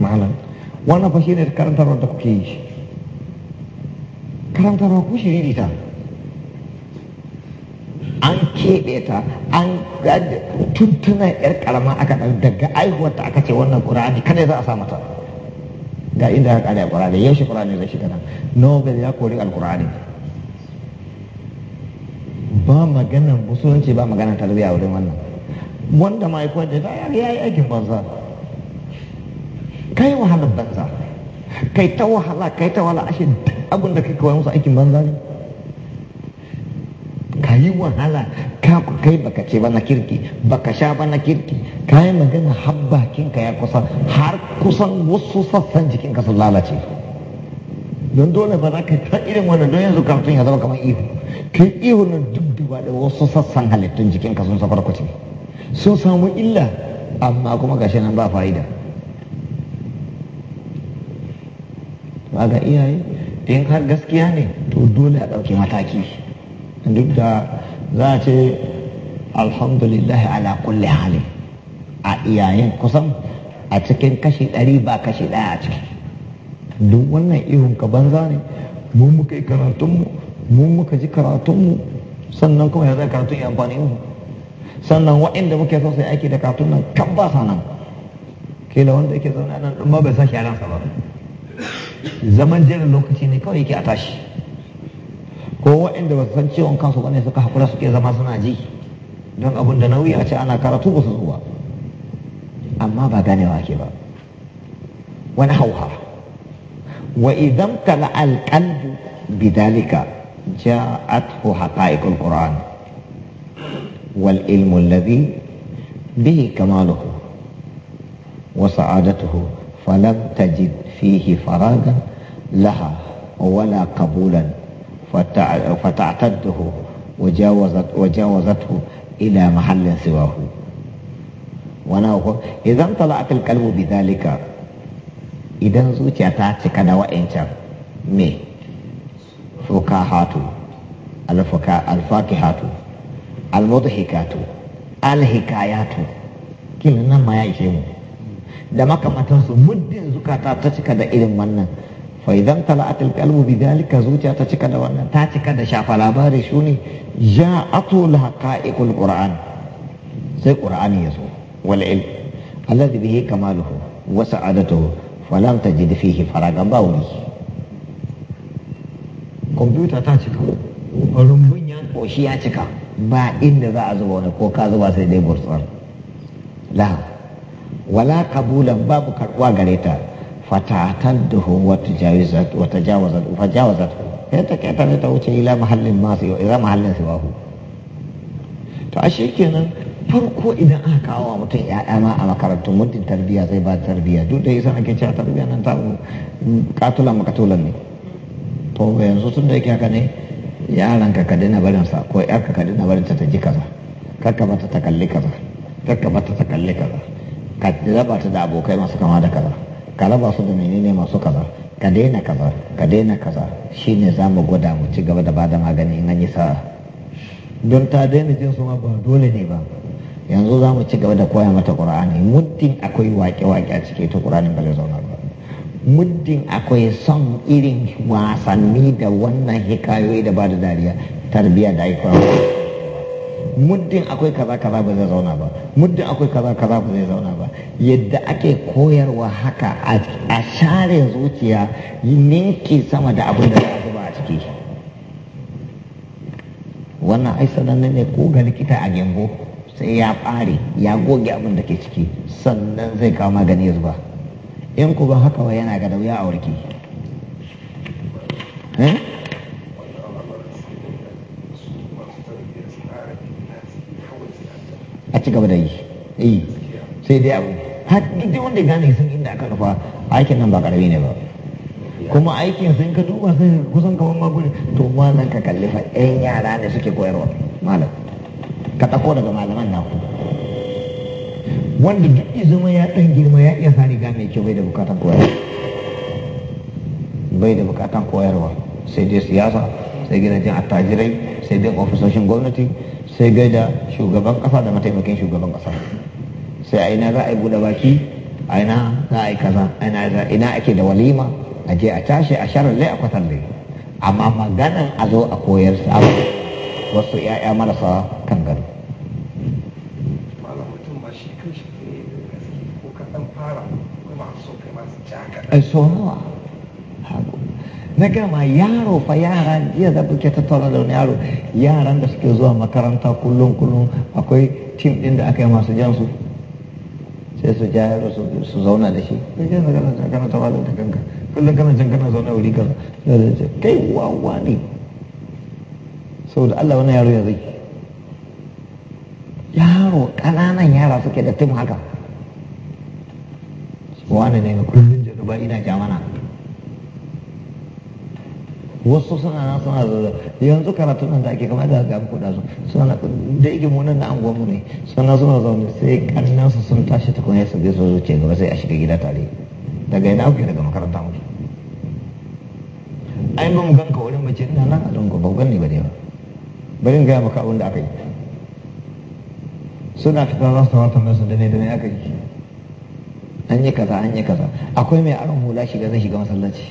Speaker 1: malam wannan fa shine karantarwa da kuke yi karantarwa ku shi ridita an keɓe ta an tuntunan yar karama aka daga aihuwarta aka ce wannan ƙura'ani kada za a sa mata ga inda ya kare alkurani yaushe kurani zai shiga nan nobel ya kori alkurani ba maganar musulunci ba maganar tarbiyya wurin wannan wanda ma ya kwaje da ya yi aikin banza kai wahalar banza kai ta wahala kai ta wahala ashe abin da kai kawai musu aikin banza ne ka yi wahala ka kai baka ce ba na kirki baka sha ba na kirki kayan magana har bakinka ya kusa har kusan wasu sassan jikinka sun lalace don dole ba za ka ta irin wannan don yanzu kartun ya zama kamar ihu kai ihu nan duk da ba da wasu sassan halittun jikinka sun safar kwace sun samu illa amma kuma gashi nan ba fa'ida ba ga iyaye in har gaskiya ne to dole a ɗauki mataki duk da za a ce alhamdulillah ala kulli halin a iyayen kusan a cikin kashi ɗari ba kashi ɗaya a ciki duk wannan ihun ka banza ne mu muka yi karatunmu mu muka ji karatunmu sannan kuma ya zai karatun ya amfani mu sannan waɗanda muke so sai aiki da karatun nan kan ba sa nan da wanda yake zaune nan ɗin ma bai sa shi a ransa ba zaman jiran lokaci ne kawai yake a tashi ko waɗanda ba su san ciwon kansu ba ne suka haƙura suke zama suna ji don abin da nauyi a ce ana karatu ba su zuwa amma ba ganewa ke ba wani hauha wa idan tala alƙalbu bidalika ja'athu haqa'iqul qur'an wal ilmu alladhi bihi kamaluhu wa sa'adatuhu falam tajid fihi faraga laha wala qabulan fata'tadduhu وجاوزت وجاوزته إلى محل سواه wani ko idan tala'at alqalbu bidhalika idan zuciya ta cika da wa'ancan me fukahatu alfuka alfakihatu almudhikatu alhikayatu kila nan ma ya ishe mu da makamantansu muddin zukata ta cika da irin wannan فإذا امتلأت القلب بذلك زوجة تشكد وانا تشكد شاف العبار شوني جاءته الحقائق sai سي ya يسوع Wala ala dibi kai kamar wasu adadu wala mu taje da fahimtar ta cika mun yanka shi ya cika ba inda za a zuba wani ko ka zuba sai dai bautar da wala ka bula babu kan uwa gareta faɗaɗaɗunwar wata jawasar fita ƙeta ƙeta ne ta wuce ila muhallin masu yau ina muhallin su ba ku to ashe kenan. farko idan aka kawo mutum ya'ya ma a makarantun muddin tarbiyya zai ba tarbiyya duk da yasa ake cewa tarbiyya nan ta katulan makatulan ne to yanzu tun da yake haka ne yaran ka daina barin sa ko yar ka na barin ta ji kaza karka bata ta kalli kaza karka bata ta kalli kaza ka raba ta da abokai masu kama da kaza ka raba su da menene masu kaza ka daina kaza ka daina kaza shine za mu gwada mu ci gaba da bada magani in an yi sa'a don ta daina jin ma ba dole ne ba yanzu za mu ci gaba da koya mata ƙura'ani muddin akwai waƙe-waƙe a cikin ta ƙur'anin ba zai zauna ba muddin akwai son irin wasanni da wannan hikayoyi da ba da dariya tarbiyya da aikawa muddin akwai kaza kaza ba zai zauna ba muddin akwai kaza kaza ba zai zauna ba yadda ake koyarwa haka a share zuciya ninki sama da abin da za zuba a ciki wannan ai sananne ne ko ga likita a gengo sai ya ɓare ya goge abin da ke ciki sannan zai kawo magani ya zuba in ku ba haka wa yana ga da wuya a warke eh? a ci gaba da yi yi eh, sai dai abu har duk wanda gane sun inda aka rufa aikin nan ba karami ne ba kuma aikin sun ka duba sai kusan kamar maguri to ma nan ka kalli fa yan yara ne suke koyarwa malam ka tako daga malaman naku wanda duk zama ya ɗan girma ya iya riga mai kyau bai da bukatan koyarwa bai da bukatan koyarwa sai dai siyasa sai gidajen attajirai sai dai ofisoshin gwamnati sai da shugaban kasa da mataimakin shugaban kasa sai aina za a yi buɗe baki aina za a yi kaza aina ina ake da walima a je a tashi a sharar lai a kwatar lai amma maganan a zo a koyar sa wasu 'ya'ya marasa bangare so nawa na gama yaro fa yara jiya da buke tattauna da wani yaro yaran da suke zuwa makaranta kullum kullum akwai tim din da aka yi masu jan su sai su ja yaro su zauna da shi kai jan kana jan kana tawa da kanka kullum kana jan kana zauna wuri kaza kai wawa ne saboda Allah wani yaro ya zai yaro ƙananan yara suke da tim haka wani ne kullum ba ina jamana wasu suna na suna da yanzu karatun nan da ake kama da gami kuɗa su suna da yake munan na anguwanmu ne suna suna zaune sai kannan su sun tashi kuma ya sabbi su zuce gaba sai a shiga gida tare daga ina kuke daga makaranta mu. ai ba mu ganka wurin mace ina nan a don ba gani ba ne ba bari in gaya maka abin da aka yi suna fita za su tawata masu da ne da mai aka yi an yi kaza an yi kaza akwai mai aron hula shiga zai shiga masallaci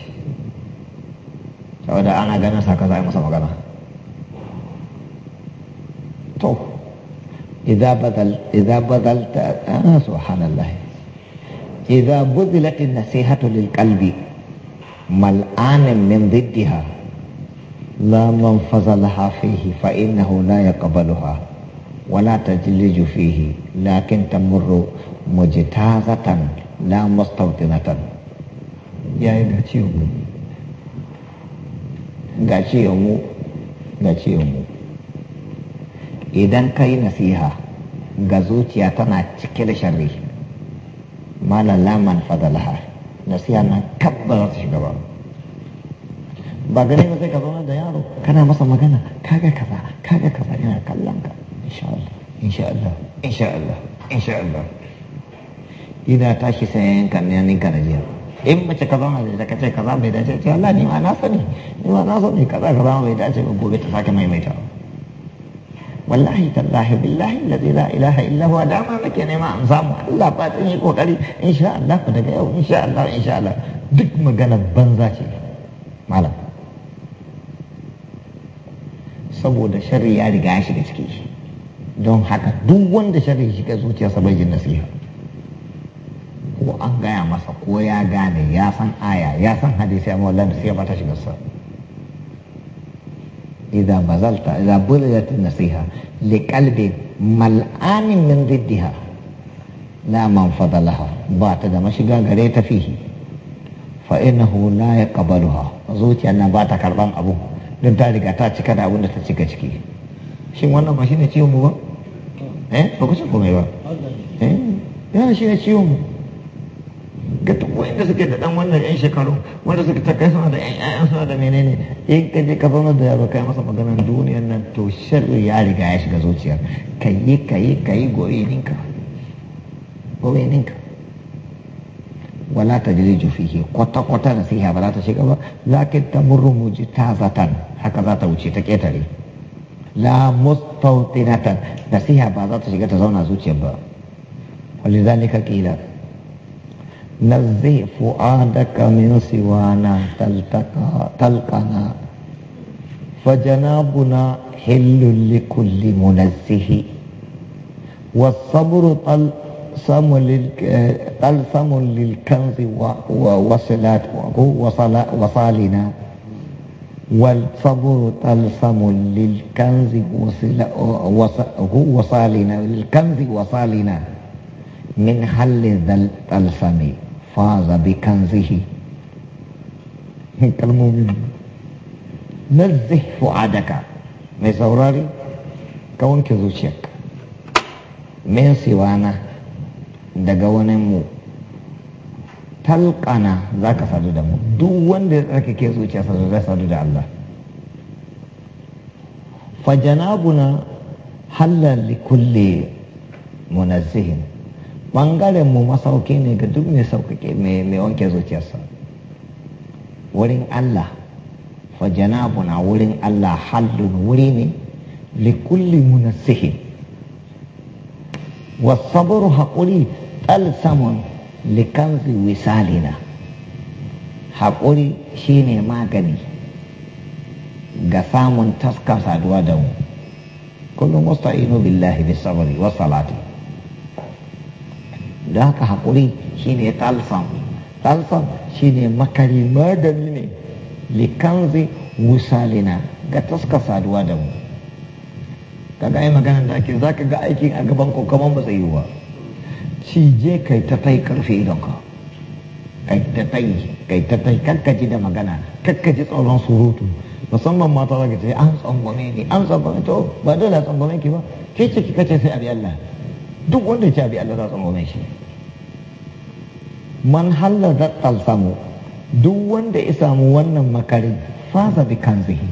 Speaker 1: saboda ana ganin sa kaza ai masa magana to idza badal idza badalta ana ah, subhanallah idza budilat an-nasihatu lil qalbi mal'anan min diddiha la man fazalaha fihi fa innahu la yaqbaluha ولا تجلج فيه لكن تمر مجتازة لا مستوطنة يا غاشيومو غاشيومو غاشيومو idan ka yi nasiha ga zuciya tana cike da sharri malalaman fadalaha nasiha na kabbar su shiga ba ba gare ba zai ka zauna da yaro kana masa magana kaga kaza kaga kaza yana kallon ka insha Allah insha Allah insha Allah ina tashi sai yanka ne ni kana jiya in mace kaza ma da kace kaza bai dace ce Allah ni ma na sani ni ma na sani kaza kaza ma bai dace ba gobe ta sake maimaita wallahi tallahi billahi alladhi la ilaha illa huwa da ma kake nema an samu Allah ba tsin yi kokari insha Allah daga yau insha Allah insha Allah duk maganar banza ce malam saboda sharri ya riga shi da ciki don haka duk wanda shari shiga zuciyarsa bai jin nasiha ko an gaya masa ko ya gane ya san aya ya san hadisi amma wallan nasiha ba ta shiga shigarsa idza bazalta idza bulilat nasiha li qalbi mal'anin min diddiha la man fadalaha ba ta da mashiga gare ta fihi fa innahu la yaqbaluha zuciya nan ba ta karban abu don ta riga ta cika da abin da ta cika ciki shin wannan ba ne ciwon mu ba eh ba ku san ba eh yana ciwon mu ga suke da dan wannan yan shekaru wanda suke ta kai suna da yan ƴaƴan suna da menene in ka je ya ba kai masa maganar duniyar nan to sharri ya riga ya shiga zuciyar kayi kayi kayi gobe ninka gobe ninka wala ta jiri jufihi kwata kwata nasiha ba za ta shiga ba lakin ta muji ta haka za ta wuce ta ƙetare لا مستوطنة نسيها بعضات شكرا تزونا زوج يبا ولذلك قيل نزي فؤادك من سوانا تلقنا فجنابنا حل لكل منزه والصبر طلسم للكنز وصلات وصالنا وصل وصل وصل وصل وصل وصل وصل والصبر تلصم للكنز وصل هو وصالنا للكنز وصالنا من حل ذا التلصم فاز بكنزه كالمؤمن نزه فؤادك mai saurari ka wanke zuciyarka min siwana daga wani mu talƙana za ka sadu da mu duk wanda ya tsarkake zuciyarsa zai sadu da Allah fajanabuna halal li kulli munazzihin bangaren mu masauke ne ga duk mai saukake mai wanke zuciyarsa wurin Allah fajanabuna wurin Allah hallun wuri ne li kulli munazzihin wasabru haƙuri talsamun likanzi wisalina haƙuri shine magani ga samun taskar saduwa da mu kullum inu billahi bi sabari was salati da haka haƙuri shine talfan talfan shine makari magani ne likanzi wisalina ga taskar saduwa da mu kaga yi maganar da ake ka ga aikin a gaban ko ba zai yi ba shi je kai ta tai karfe idonka kai ta tai kai ta tai kakkaji da magana kakkaji tsoron surutu musamman mata za ka ce an tsangwame ne an tsangwame to ba dole a tsangwame ki ba ke ce kika ce sai abi Allah duk wanda ce bi Allah za a tsangwame shi man halar da talsamu duk wanda ya samu wannan makarin fasa bi kanzihi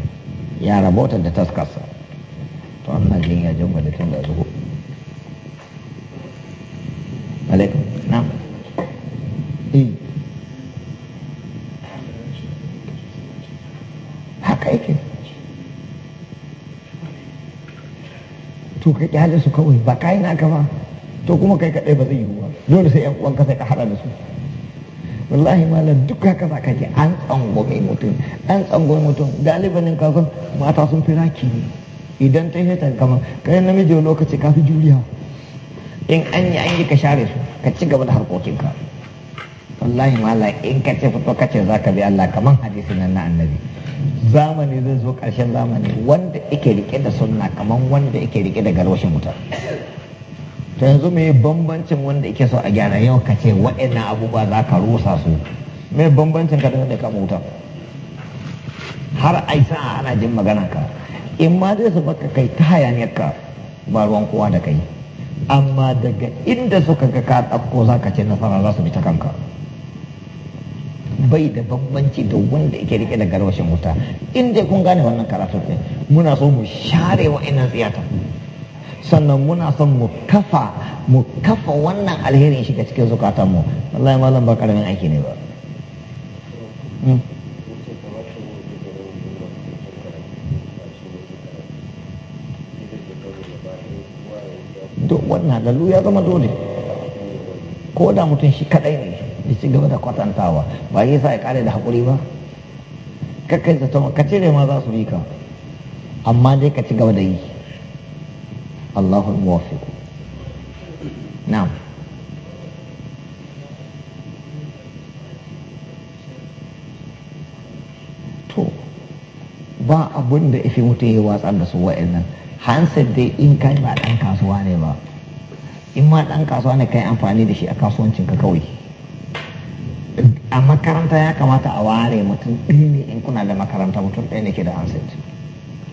Speaker 1: ya rabota da taskarsa to Allah jin ya jin da tun da zuwa alaikum na'am haka yake to ka kyale su kawai ba kayan naka ba to kuma kai kaɗai ba zai yi ba dole sai yan uwanka sai ka haɗa da su wallahi malam duk haka za ka an tsangome mutum an tsangome mutum galibanin kasan mata sun fi raki ne idan ta heta gama kayan namiji lokaci ka fi juriya in an yi an yi ka share su ka ci gaba da harkokinka wallahi mala in ka ce fito ka ce za ka bi Allah kaman hadisi nan na annabi zamani zai zo ƙarshen zamani wanda yake rike da sunna kaman wanda yake rike da garwashin wuta ta yanzu mai bambancin wanda yake so a gyara yau ka ce waɗannan abubuwa za ka rusa su mai bambancin ka da wanda kama wuta har aisa ana jin maganar ka in ma zai su ka kai ta hayaniyar ka ba ruwan kowa da kai amma daga inda suka ga ka ɗauko za ka ce nasara za su bi ta kanka bai da bambanci da wanda yake rike da garwashin wuta inda kun gane wannan karatu ne muna so mu share ina ziyata sannan muna son mu kafa mu kafa wannan alherin shiga cikin zukatanmu wallahi malam ba karamin aiki ne ba hmm? duk wannan halallu ya zama dole ko da mutum shi kadai ne ya ci gaba da kwatantawa ba yi sa ya kare da haƙuri ba kakkai ta ka cire ma za su rika ka amma dai ka ci gaba da yi Allahu muwaffiq na'am to ba abun da ifi mutum ya watsar da su wa'annan hansar dai in kai ba dan kasuwa ne ba in ma dan kasuwa ne kai amfani da shi a kasuwancinka kawai a makaranta ya kamata a ware mutum ɗaya ne in kuna da makaranta mutum ɗaya ne ke da hansar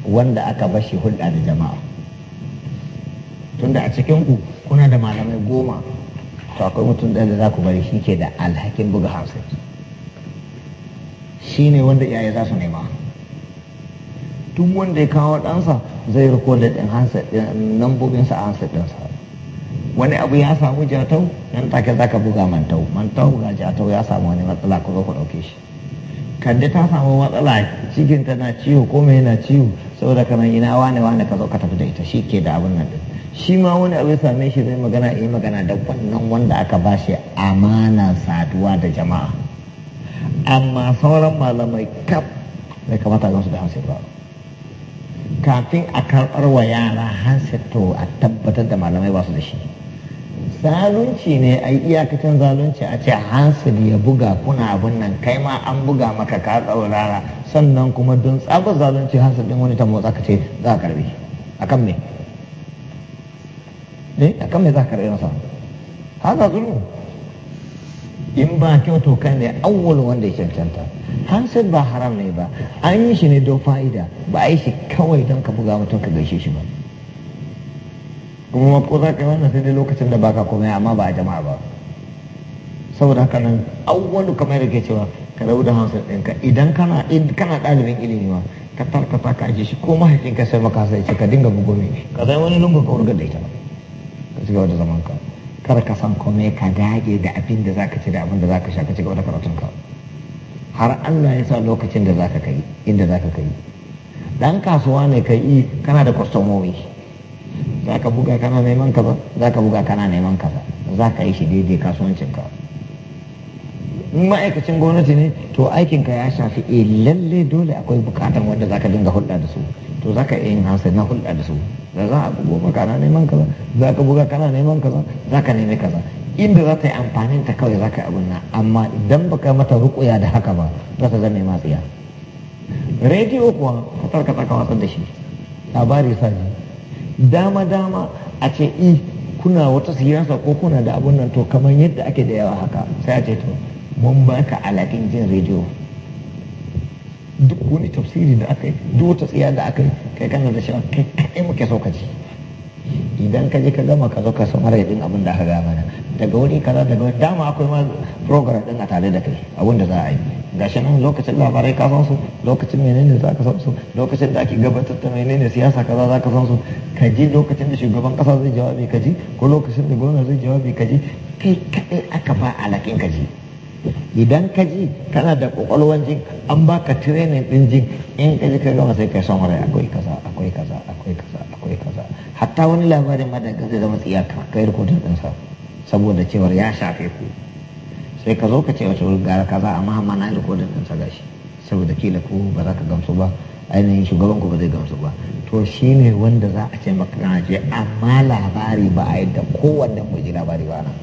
Speaker 1: wanda aka bashi hulɗa da jama'a tunda a cikin ku kuna da malamai goma to akwai mutum ɗaya da za ku bari shi ke da alhakin buga hansar shi ne wanda iyaye za su nema duk wanda ya kawo ɗansa zai rikodar ɗin hansa sa a hansa ɗinsa wani abu ya samu jatau nan take zaka buga mantau mantau ga jatau ya samu wani matsala ko ku ɗauke shi kande ta samu matsala cikin na ciwo ko mai yana ciwo saboda kana ina wane wane ka zo ka tafi da ita shi ke da abin nan din shi ma wani abu ya same shi zai magana yi magana da wannan wanda aka ba shi amana saduwa da jama'a amma sauran malamai kaf bai kamata gansu da hansu ba kafin a karɓar wa yara hanset to a tabbatar da malamai ba su da shi zalunci ne a iyakacin zalunci a ce hanset ya buga kuna abin nan kai ma an buga maka ka tsaurara sannan kuma don tsabar zalunci hanset din wani ta motsa ka ce za a karbi kan me eh kan me za a karbi masa haka zulmu in ba kyau kai ne awwal wanda ya cancanta hansar ba haram ne ba an yi shi ne don fa'ida ba a yi shi kawai don ka buga mutum ka gaishe shi ba kuma ko za ka wannan sai dai lokacin da baka komai amma ba a jama'a ba saboda haka nan awwalu kamar da ke cewa ka rabu da hansar ɗinka idan kana kana ɗalibin ilimi ma ka tarkata ka ajiye shi ko mahaifinka sai maka sai ka dinga bugo ne ka zai wani lungu ka wurga da ita ka ci gaba da zaman ka kar ka san komai ka dage da abin da zaka ci da abin da zaka sha ka ci gaba da karatun ka har Allah ya sa lokacin da zaka kai inda zaka kai dan kasuwa ne kai yi kana da kwastomomi zaka buga kana neman kaza zaka buga kana neman kaza zaka yi shi daidai kasuwancinka. ka ma'aikacin gwamnati ne to aikinka ya shafi e lalle dole akwai bukatan wanda zaka dinga hulɗa da su to zaka iya yin hausa na hulɗa da su da za a bugo kana neman kaza za ka buga kana neman kaza za ka nemi kaza inda za ta yi amfanin ta kawai za ka abin nan amma idan baka mata rukuya da haka ba za ta zame matsiya rediyo kuwa ka tarkata tsaka watsar da shi labari sa dama dama a ce i eh, kuna wata siyasa ko kuna da abun nan to kamar yadda ake da yawa haka sai a ce to mun ba ka alaƙin jin rediyo duk wani tafsiri da aka yi duk wata tsiya da aka yi kai kana da shi kai kai muke so ka ji idan ka je ka gama ka zo ka san adadin abin da aka gaya mana daga wani kaza daga wani dama akwai ma program din a tare da kai abin da za a yi gashi nan lokacin labarai ka san su lokacin menene za ka san su lokacin da ake gabatar da menene siyasa kaza za ka san su ka ji lokacin da shugaban kasa zai jawabi ka ji ko lokacin da gwamnati zai jawabi ka ji kai kaɗai aka ba alaƙin ka ji idan ka ji kana da kwakwalwan jin an baka tirenin din jin in ka ji ka gama sai ka san wani akwai kaza akwai kaza akwai kaza akwai kaza hatta wani labarin ma daga zai zama tsiyaka kai rikotin din sa saboda cewar ya shafe ku sai ka zo ka ce wata gara kaza amma amma na rikotin din sa gashi saboda kila ku ba za ka gamsu ba ainihin shugaban ku ba zai gamsu ba to shi ne wanda za a ce maka kana je amma labari ba a yadda kowanne mu ji labari ba nan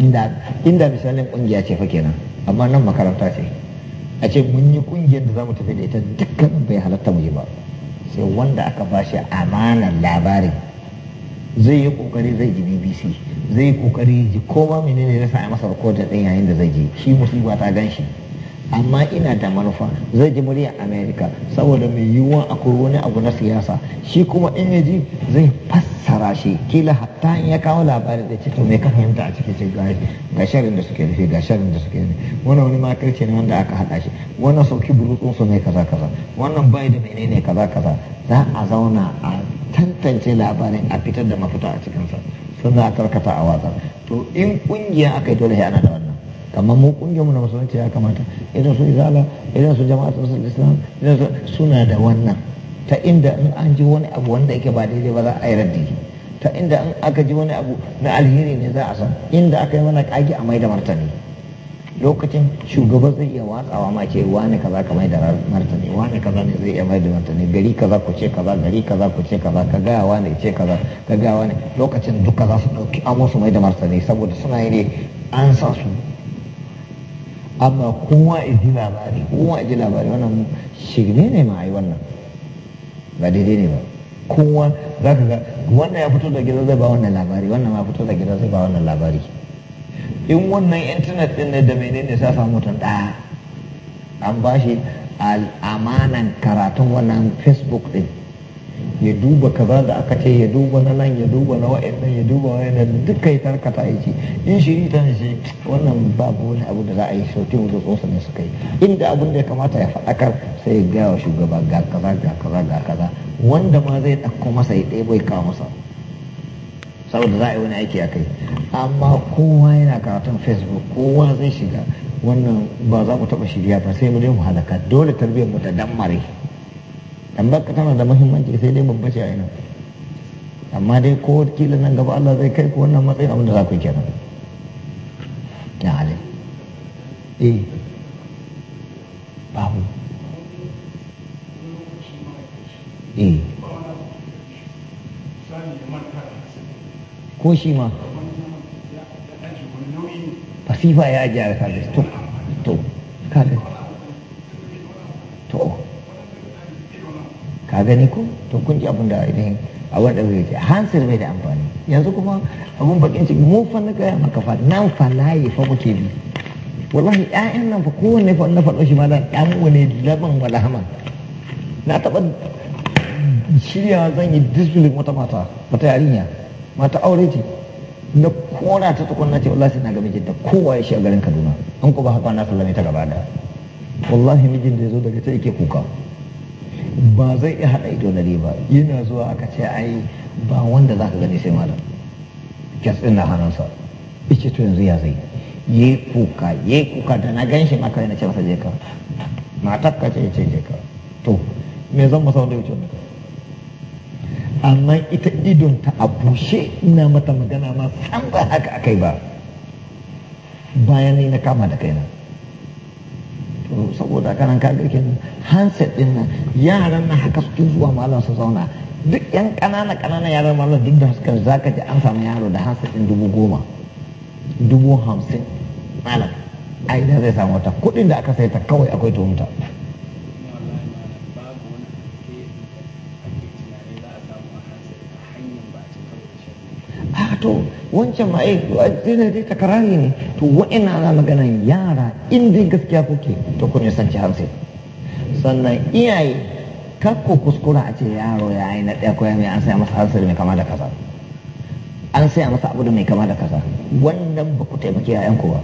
Speaker 1: inda misalin kungiya ce fa kenan amma nan makaranta ce a ce mun yi kungiyar da za mu tafi da ita dukkan bai halatta mu yi ba sai wanda aka ba shi amanan labarin zai yi kokari zai ji bbc zai yi kokari ji koma menene ya a masa rikodin din yayin da zai je shi musiba ta gan shi amma ina da manufa zai ji murya Amerika saboda mai yiwuwa akwai wani abu na siyasa shi kuma in ya ji zai fassara shi kila hatta in ya kawo labarin da to mai fahimta a cikin gari ga sharin da suke nufi ga sharin da suke nufi wannan wani makarci ne wanda aka haɗa shi wannan sauki burutsun su ne kaza kaza wannan bai da menene kaza kaza za a zauna a tantance labarin a fitar da mafita a cikinsa sannan a karkata a watsa to in kungiya aka yi dole ana da wannan kamar mu mu na musulunci ya kamata idan su izala idan su jama'a sun islam idan su suna da wannan ta inda in an ji wani abu wanda yake ba daidai ba za a yi raddi ta inda in aka ji wani abu na alheri ne za a san inda aka yi mana kage a mai da martani lokacin shugaba zai iya watsawa ma ce wani kaza ka mai da martani wani kaza ne zai iya mai da martani gari kaza ku ce kaza gari kaza ku ce kaza ka gaya wani ce kaza ka gaya wani lokacin duka za su dauki amo su mai da martani saboda suna yi ne an sa su amma kowa ji labari kowa ji labari wannan shirme ne ma a yi wannan ba daidai ne ba kowa za ka ga wannan ya fito da gida zai ba wannan labari wannan ma fito da gida zai ba wannan labari in wannan intanet din ne da menene sa samu mutum ɗaya an ba shi al'amanan karatun wannan facebook din ya duba kaza da aka ce ya duba na nan ya duba na nan ya duba nan duka ya tarkata ya ce in shi ta ce wannan babu wani abu da za a yi sauti da tsosa ne suka yi inda abin da ya kamata ya faɗakar sai ya gaya wa shugaba ga kaza ga kaza ga kaza wanda ma zai ɗauko masa ya ɗaya bai kawo masa saboda za a yi wani aiki a kai amma kowa yana karatun facebook kowa zai shiga wannan ba za mu taɓa shirya ba sai mu je mu halaka dole tarbiyyar mu ta dammare tambaka tana da muhimmanci sai dai babba ce a ina amma dai ko kila nan gaba Allah zai kai ku wannan matsayin abin da za ku yi kenan ya halin eh babu eh ko shi ma fasifa ya ajiye a kalis to to kalis to ka gani ko to kun ji abin da idan a wanda bai yake hansir bai da amfani yanzu kuma abun bakin ciki mu fa na ya maka fa nan fa layi fa muke bi wallahi ƴaƴan nan fa kowanne fa na faɗo shi ma da ƴan wani laban wala hama na taɓa shiryawa zan yi disbelief wata mata wata yarinya mata aure ce na kora ta tukun na ce wallahi sai na ga mijinta kowa ya shi a garin kaduna an ku ba haka na sallame ta gaba da wallahi mijin da ya zo daga ta yake kuka ba zai iya haɗa ido na da ba yana zuwa aka ce ai ba wanda za ka gani sai malam gas ɗin na hannunsa ice to yanzu ya zai ye kuka ye kuka da na gan shi maka yana ce masa je ka matar ka ce ce je ka to me zan masa wanda ya wuce amma ita ta a bushe ina mata magana ma san ba haka akai ba bayan ni na kama da kaina saboda kanan kaga kenan handset din nan yaran na haka suke zuwa malam su zauna duk yan kanana kanana yaran malam duk da suka zaka ji an samu yaro da handset din dubu goma dubu hamsin malam ai da zai samu wata kuɗin da aka sai ta kawai akwai tumta. to wancan ma eh dina dai takarari ne to wa'ina na maganan yara in dai gaskiya kuke to kun sanci hanse sannan iyaye ka ko kuskura a ce yaro ya yi na ɗaya ko mai an saya masa harshe mai kama da kaza an saya masa abu da mai kama da kasa wannan ba ku taimaki ku ba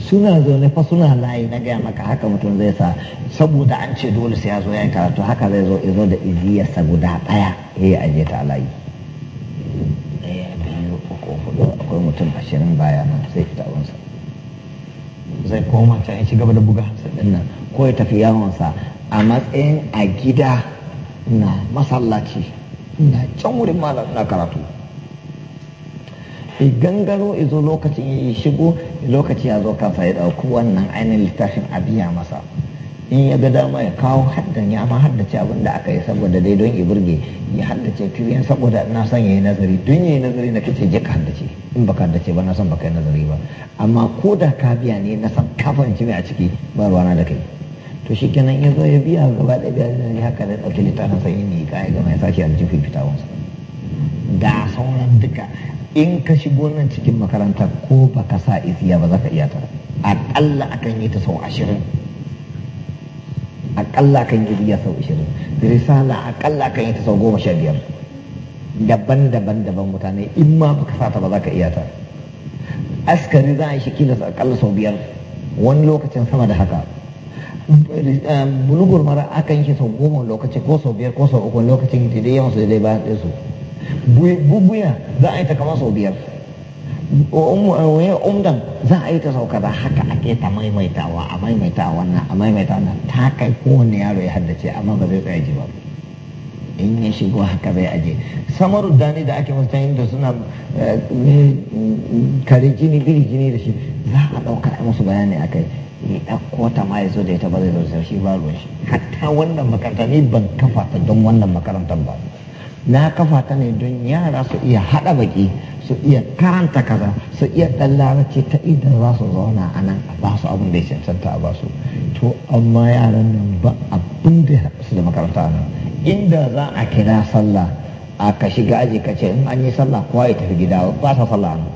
Speaker 1: suna zaune fa suna layi na gaya maka haka mutum zai sa saboda an ce dole sai ya zo ya karatu haka zai zo izo da iziyarsa guda ɗaya ya yi aje ta layi eh, akwai mutum ashirin baya nan sai fita wansa zai koma can ya ci gaba da buga sannan nan ko ya tafi yawonsa a matsayin a gida na masallaci na can wurin malam na karatu gangaro izo lokacin ya shigo lokacin ya zo kansa ya dauku wannan ainihin littafin a biya masa in ya ga dama ya kawo haddan ya ma haddace abin da aka yi saboda dai don burge ya haddace kirin saboda na son ya yi nazari don ya yi nazari na kace je ka haddace in baka haddace ba na son baka yi nazari ba amma ko da ka biya ne na san ka fahimci mai a ciki ba ruwana da kai to shi kenan ya zo ya biya gaba da biya ya haka da ɗauki littafin sai ne ka yi gama ya sake yanzu fifitawansa da sauran duka in ka shigo nan cikin makarantar ko baka sa isiya ba za ka iya ta aƙalla akan yi ta sau ashirin akalla kan yi sau ishirin risala akalla kan yi ta sau goma sha biyar daban-daban daban mutane in ma baka sa ta ba za ka iya ta askari za a yi su akalla sau biyar wani lokacin sama da haka ehm, bulugur mara akan yi sau goma lokacin, ko sau biyar ko sau uku lokacin da dai yawan su dai bayan ɗinsu bubuya za a yi ta kama sau biyar umdan za a yi ta sauka da haka a ta maimaitawa a maimaita wannan a maimaita wannan ta kai kowane yaro ya haddace amma ba zai tsaya ba in ya shigo haka zai aje samaru dani da ake musta da suna kare jini biri jini da shi za a ɗaukar a musu bayani a kai ya ɗauko ta ma ya zo da ita ba zai zo shi ba ruwan shi hatta wannan makaranta ni ban kafa ta don wannan makarantar ba na kafa ta ne don yara su iya haɗa baki su iya karanta kaza su iya ɗan ce ta idan za su zauna a nan a basu abin da ya cancanta a basu to amma yaran nan ba abin da su da makaranta nan inda za a kira sallah a ka shiga aji ka ce in an yi sallah kowa ya tafi gida ba sa sallah nan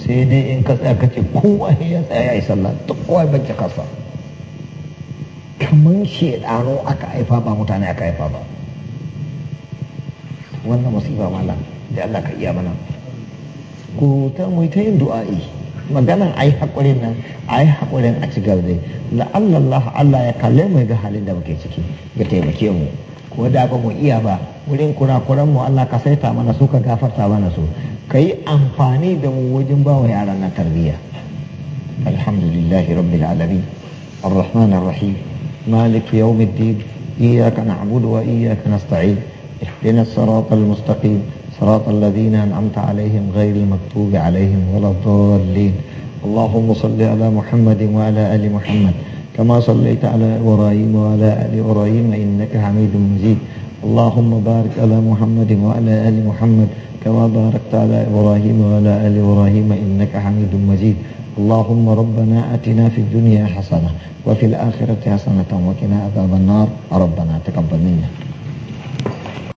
Speaker 1: sai dai in ka tsaya ka ce kowa ya tsaya ya yi sallah duk kowa ya bance kasa kamar shedano aka haifa ba mutane aka haifa ba wannan masifa mala da Allah ka iya mana ku ta mu ta yin du'a'i maganan ai hakurin nan ai hakurin a cigar dai la'alla Allah Allah ya kalle mu ga halin da muke ciki ya taimake mu ko da ba mu iya ba wurin kurakuran mu Allah ka saita mana su ka gafarta mana su ka yi amfani da mu wajen ba wa yaran na tarbiyya alhamdulillahi rabbil alamin malik الرحيم مالك يوم الدين إياك نعبد وإياك نستعين اهدنا الصراط المستقيم صراط الذين أنعمت عليهم غير المكتوب عليهم ولا الضالين اللهم صل على محمد وعلى آل محمد كما صليت على إبراهيم وعلى آل إبراهيم إنك حميد مجيد اللهم بارك على محمد وعلى آل محمد كما باركت على إبراهيم وعلى آل إبراهيم إنك حميد مجيد اللهم ربنا أتنا في الدنيا حسنة وفي الآخرة حسنة وقنا عذاب النار ربنا تقبل منا